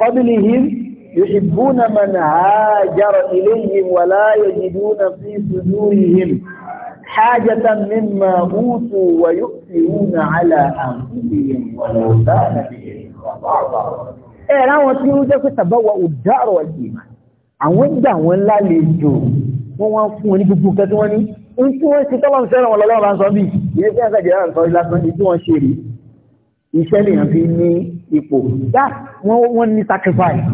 قبلهم يحبون من هاجر إليهم ولا يجدون في صدورهم حاجة مما أوتوا ويؤثرون على أنفسهم ولو كان بهم خطأ ẹ̀rọ àwọn tí ó jẹ́ pé tàbáwà òdáàrọ̀ ìmà àwọn ìgbà wọn lálejò wọ́n wá fún wọn ní gbogbo nǹkan tí wọ́n ní ń tí wọ́n ti tọ́lọ́m sẹ́rọ̀ wọn lọ́lọ́rọ̀ sọ bí ilé tí wọ́n sàjẹ́ rán sọ lásán ní tí wọ́n ṣe rí iṣẹ́ lèèyàn fi ní ipò wọ́n ní sacrifice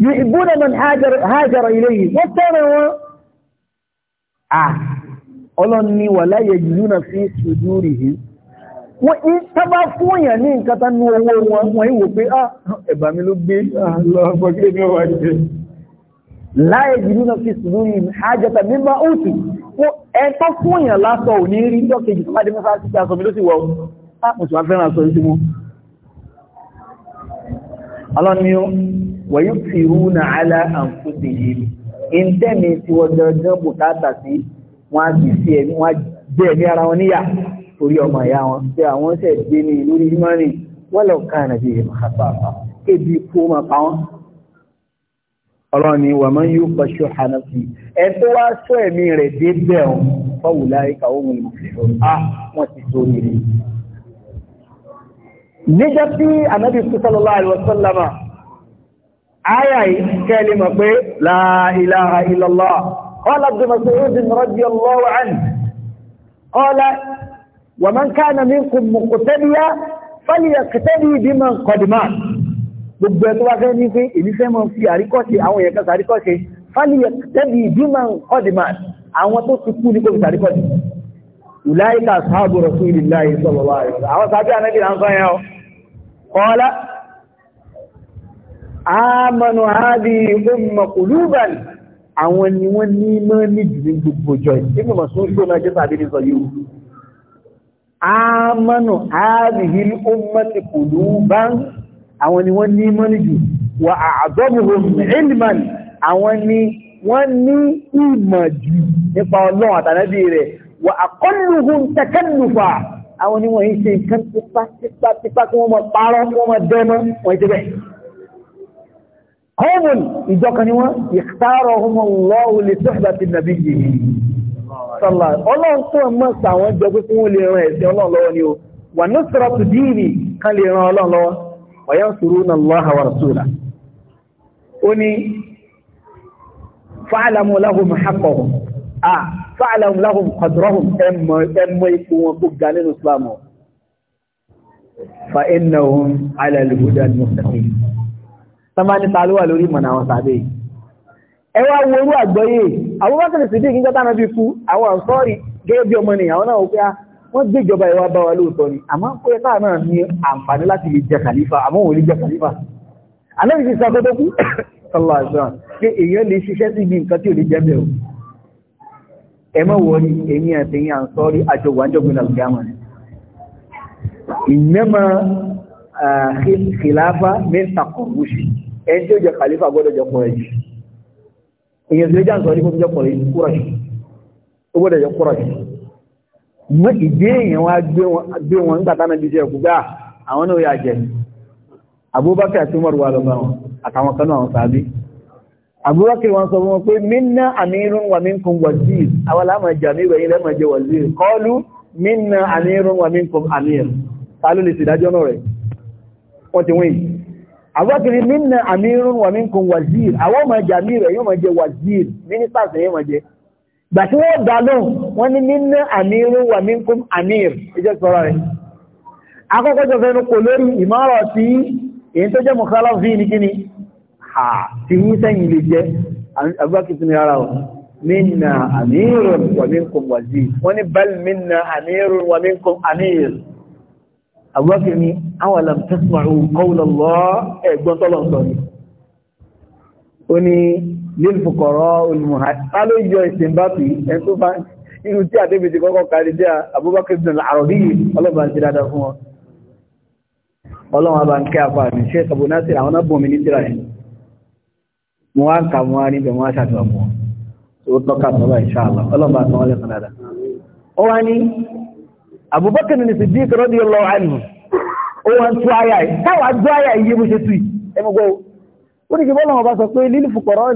يحبون من هاجر هاجر إليه وطروا آه ọlọ́ni wà láyé yúna fi ṣùdúrì hì wọ́n yí tábá fún èèyàn ní nǹkan tán ní owó wọn wọ́n yíwò pé ah ẹ̀bà mi ló gbé ah, lọ́pọ̀kí ní ọwà jẹ́ láyé yúna fi ṣùdúrì hajjata mímá òtù ẹ̀tọ́ fún èèyàn lásọ̀ òní rí lọ́kejì tó bá dé mẹ́fà sí Ah, mọ̀sùwá fẹ́ràn sọ sí wọn ọlọ́ni wọ̀nyí fi rú na alá àǹfúsì yìí in tẹ́mi tí wọ́n dandan bùkátà sí wọ́n á sì sí ẹ̀mí wọ́n á jẹ́ ẹ̀mí ara wọn níyà torí ọmọ ìyá wọn tí àwọn ṣẹ̀ gbé ní ìlú rí mọ́rin wọ́n lọ ká ẹ̀nà bí i màkàtà kébi kó pa wọ́n ọlọ́ni wà máa yóò pẹ̀ṣọ́ hanafi ẹ tó wá sọ ẹ̀mí rẹ̀ dé bẹ́ẹ̀ wọn fọwùlá ìkàwọ́ wọn ìmọ̀ níjẹ́ tí ànábì sallallahu alaihi wasallam ayà kẹ́lì mọ̀ pé la ilaha illallah qala ibn Mas'ud radiyallahu anhu qala wa man kana minkum muqtadiyan falyaqtadi biman qad mat gbogbo ẹ̀tọ́ wá fẹ́ ní pé èmi fẹ́ mọ́ fi àríkọ́ṣe àwọn èèyàn kan sàríkọ́ṣe falyaqtadi biman qad mat àwọn tó ti kú ní kò fi sàríkọ́ṣe ulaika sàbí ànábì náà sọ yẹn قال آمن هذه أم قلوبا àwọn ni wọ́n ní mọ́ ní jù ní gbogbo jọ ìgbìmọ̀ mọ̀ sún tó náà jẹ́ tàbí ní sọ yíò ámánù ààbìhì ummati quluban àwọn ni wọ́n ní mọ́ ní jù wà a'dhamuhum ilman àwọn ni wọ́n ní ìmọ̀ jù àwọn onímọ̀ yìí ṣe nǹkan tipa tipa tipa kí wọ́n mọ̀ parọ́ kí wọ́n mọ̀ dẹ́mọ́ wọ́n ti bẹ̀. ọmọlù ìjọkan ni wọ́n ìtààrọ̀ ọmọ lọ́wọ́ lè tó ìgbà ti nàbí yìí sọ́lá ọlọ́run tó mọ̀ sàwọn jọ pé fún à fáàlà láhùn kọ̀dọ̀rọ̀hùn ẹmọ ipò wọn kó ga nínú islam fa iná ohun alẹ́lùhúdà ní ọ̀sẹ̀kì sọ́mà ní tàlúwà lórí mọ̀nà àwọn sàbẹ̀ ẹwà worú àgbọ́yé àwọn bá tẹ̀lẹ̀ sídé ìgbẹ́ta náà bí fú àwọn àǹsọ́rì gẹ́gẹ́ bí ọmọ ni àwọn náà wọ́pẹ́ ah, wọ́n gbé ìjọba ìwà bá wa lóòtọ́ ni àmọ́ pé náà náà ní àǹfààní láti lè jẹ kàlífà àmọ́ òun lè jẹ kàlífà alẹ́ ìfisàkótókú sí ibi nǹkan ẹmọ́ wọ́n ni èmi àtẹ̀yìn àǹsọ́rí àjọwàjọ́gbìn alìyàmà ìnẹ́mà kìláfà mẹ́ta kọ̀wúṣì ẹni tí ó jẹ kàlífà gbọ́dọ̀ jẹ kọ̀rẹ̀jì èyàn tí ó jẹ́ àǹsọ́rí fún jẹ kọ̀rẹ̀jì ó gbọ́dọ̀ jẹ kọ̀rẹ̀jì mọ́ ìdí èèyàn wá gbé wọn nígbàtà náà bíṣẹ́ ẹ̀kú gbá àwọn náà yà jẹ Abubakar àti Umar wà lọ bá wọn àtàwọn kanú àwọn sàbí àbúrọ́kì wọn sọ wọn pé minna amirun wa minkum wazir àwọn láàmà jàmí ìwẹ̀yìn lẹ́mà jẹ wazir kọlu minna amirun wa minkum amir tààlù lè sì dájọ́ náà rẹ̀ wọ́n ti wíyìn àbúrọ́kì minna amirun wa minkum wazir àwọn ọmọ jàmí ìwẹ̀yìn yóò máa jẹ wazir ministers ni yóò minna amirun wa minkum amir ìjẹ́ sọ́ra rẹ̀ akọ́kọ́ jọ fẹ́nu kò lórí ìmọ̀ràn tí èyí tó à ti yí sẹ́yìn lè jẹ́ agbákìtì ní ara ọ̀ minna amirun wa minkum wazir wọ́n ní bal minna amirun wa minkum amir agbákìtì ní awalam tasma'u qawla Allah ẹ̀gbọ́n tọ́lọ̀ sọ ni ó ní lílfùkọ̀rọ̀ olùmọ̀há tá ló yọ ìsìn bá fi ẹ̀ tó bá inú tí àdébì ti kọ́kọ́ kárí jẹ́ Abubakar ibn ń kẹ́ àpá àmì ṣe kàbọ̀nátì àwọn náà bọ̀mí ní tíra yìí mo wá ń kà mo wá níbẹ̀ mo wá ṣàdúrà fún wọn tó tọ́ka sọ́lá ìṣáàlá ọlọ́mọ àti wọn lẹ́sàn dáadáa. ó wá ní Abubakar ní Siddiq radiyallahu anhu ó wá ń tú àyà yìí táwa ju àyà yìí yé bó ṣe tú yìí ẹ mọ̀ gbọ́ ó ní kí bọ́lá wọn bá sọ pé lílù fùkọ̀rọ̀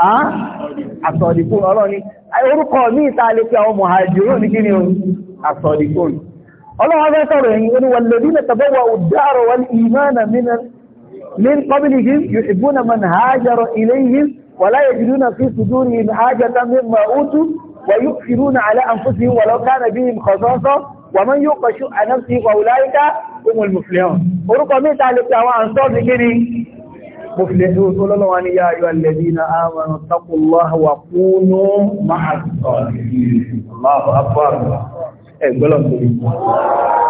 al ọlọ́ni orúkọ ní ìtàlẹ́pẹ́ àwọn mọ̀hàjúrò ní kíni àsọ̀dìkòrò ọlọ́wọ́ bẹ́ sọ̀rọ̀ yìí wani wàlèdí na tàbọ̀wà òdárò wọn ìmánà min kọbílìhìm yìí man hajjaro iléyìn wàlá yajiduna fi sudúrì hajjata min ma'utu wa yukfiruna ala anfusihim walau kana bihim khasasa wa man yuqashu an nafsihi wa مفلحون قل الله أن يا أيها الذين آمنوا اتقوا الله وكونوا مع الصالحين الله أكبر قل الله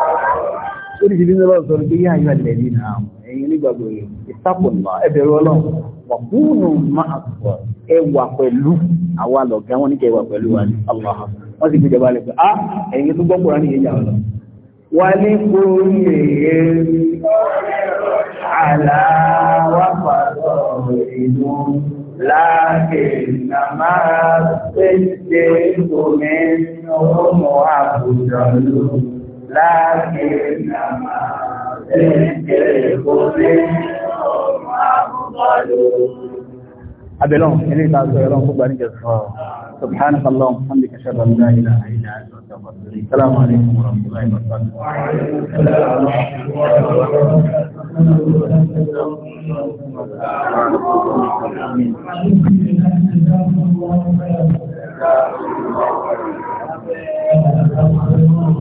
oríṣìí lọ́wọ́ sọ̀rọ̀ pé yáyọ ẹ̀lẹ́dì náà ẹ̀yin nígbàgbọ́ yìí ìsápòlá ẹ̀bẹ̀rẹ̀ ọlọ́run wàkúùnù máa sọ ẹwà pẹ̀lú àwa lọ̀gá wọn ní kẹwà pẹ̀lú wa ní ọlọ́run wọ́n sì ولكل على وفضائل لكن ما الصديق منهم أفضل لكن ما الصديق منهم أفضل أبلون إني تعالوا يرون قبل أن يجلس سبحانك اللهم وبحمدك أشهد أن لا إله إلا أنت السلام عليكم ورحمة الله وبركاته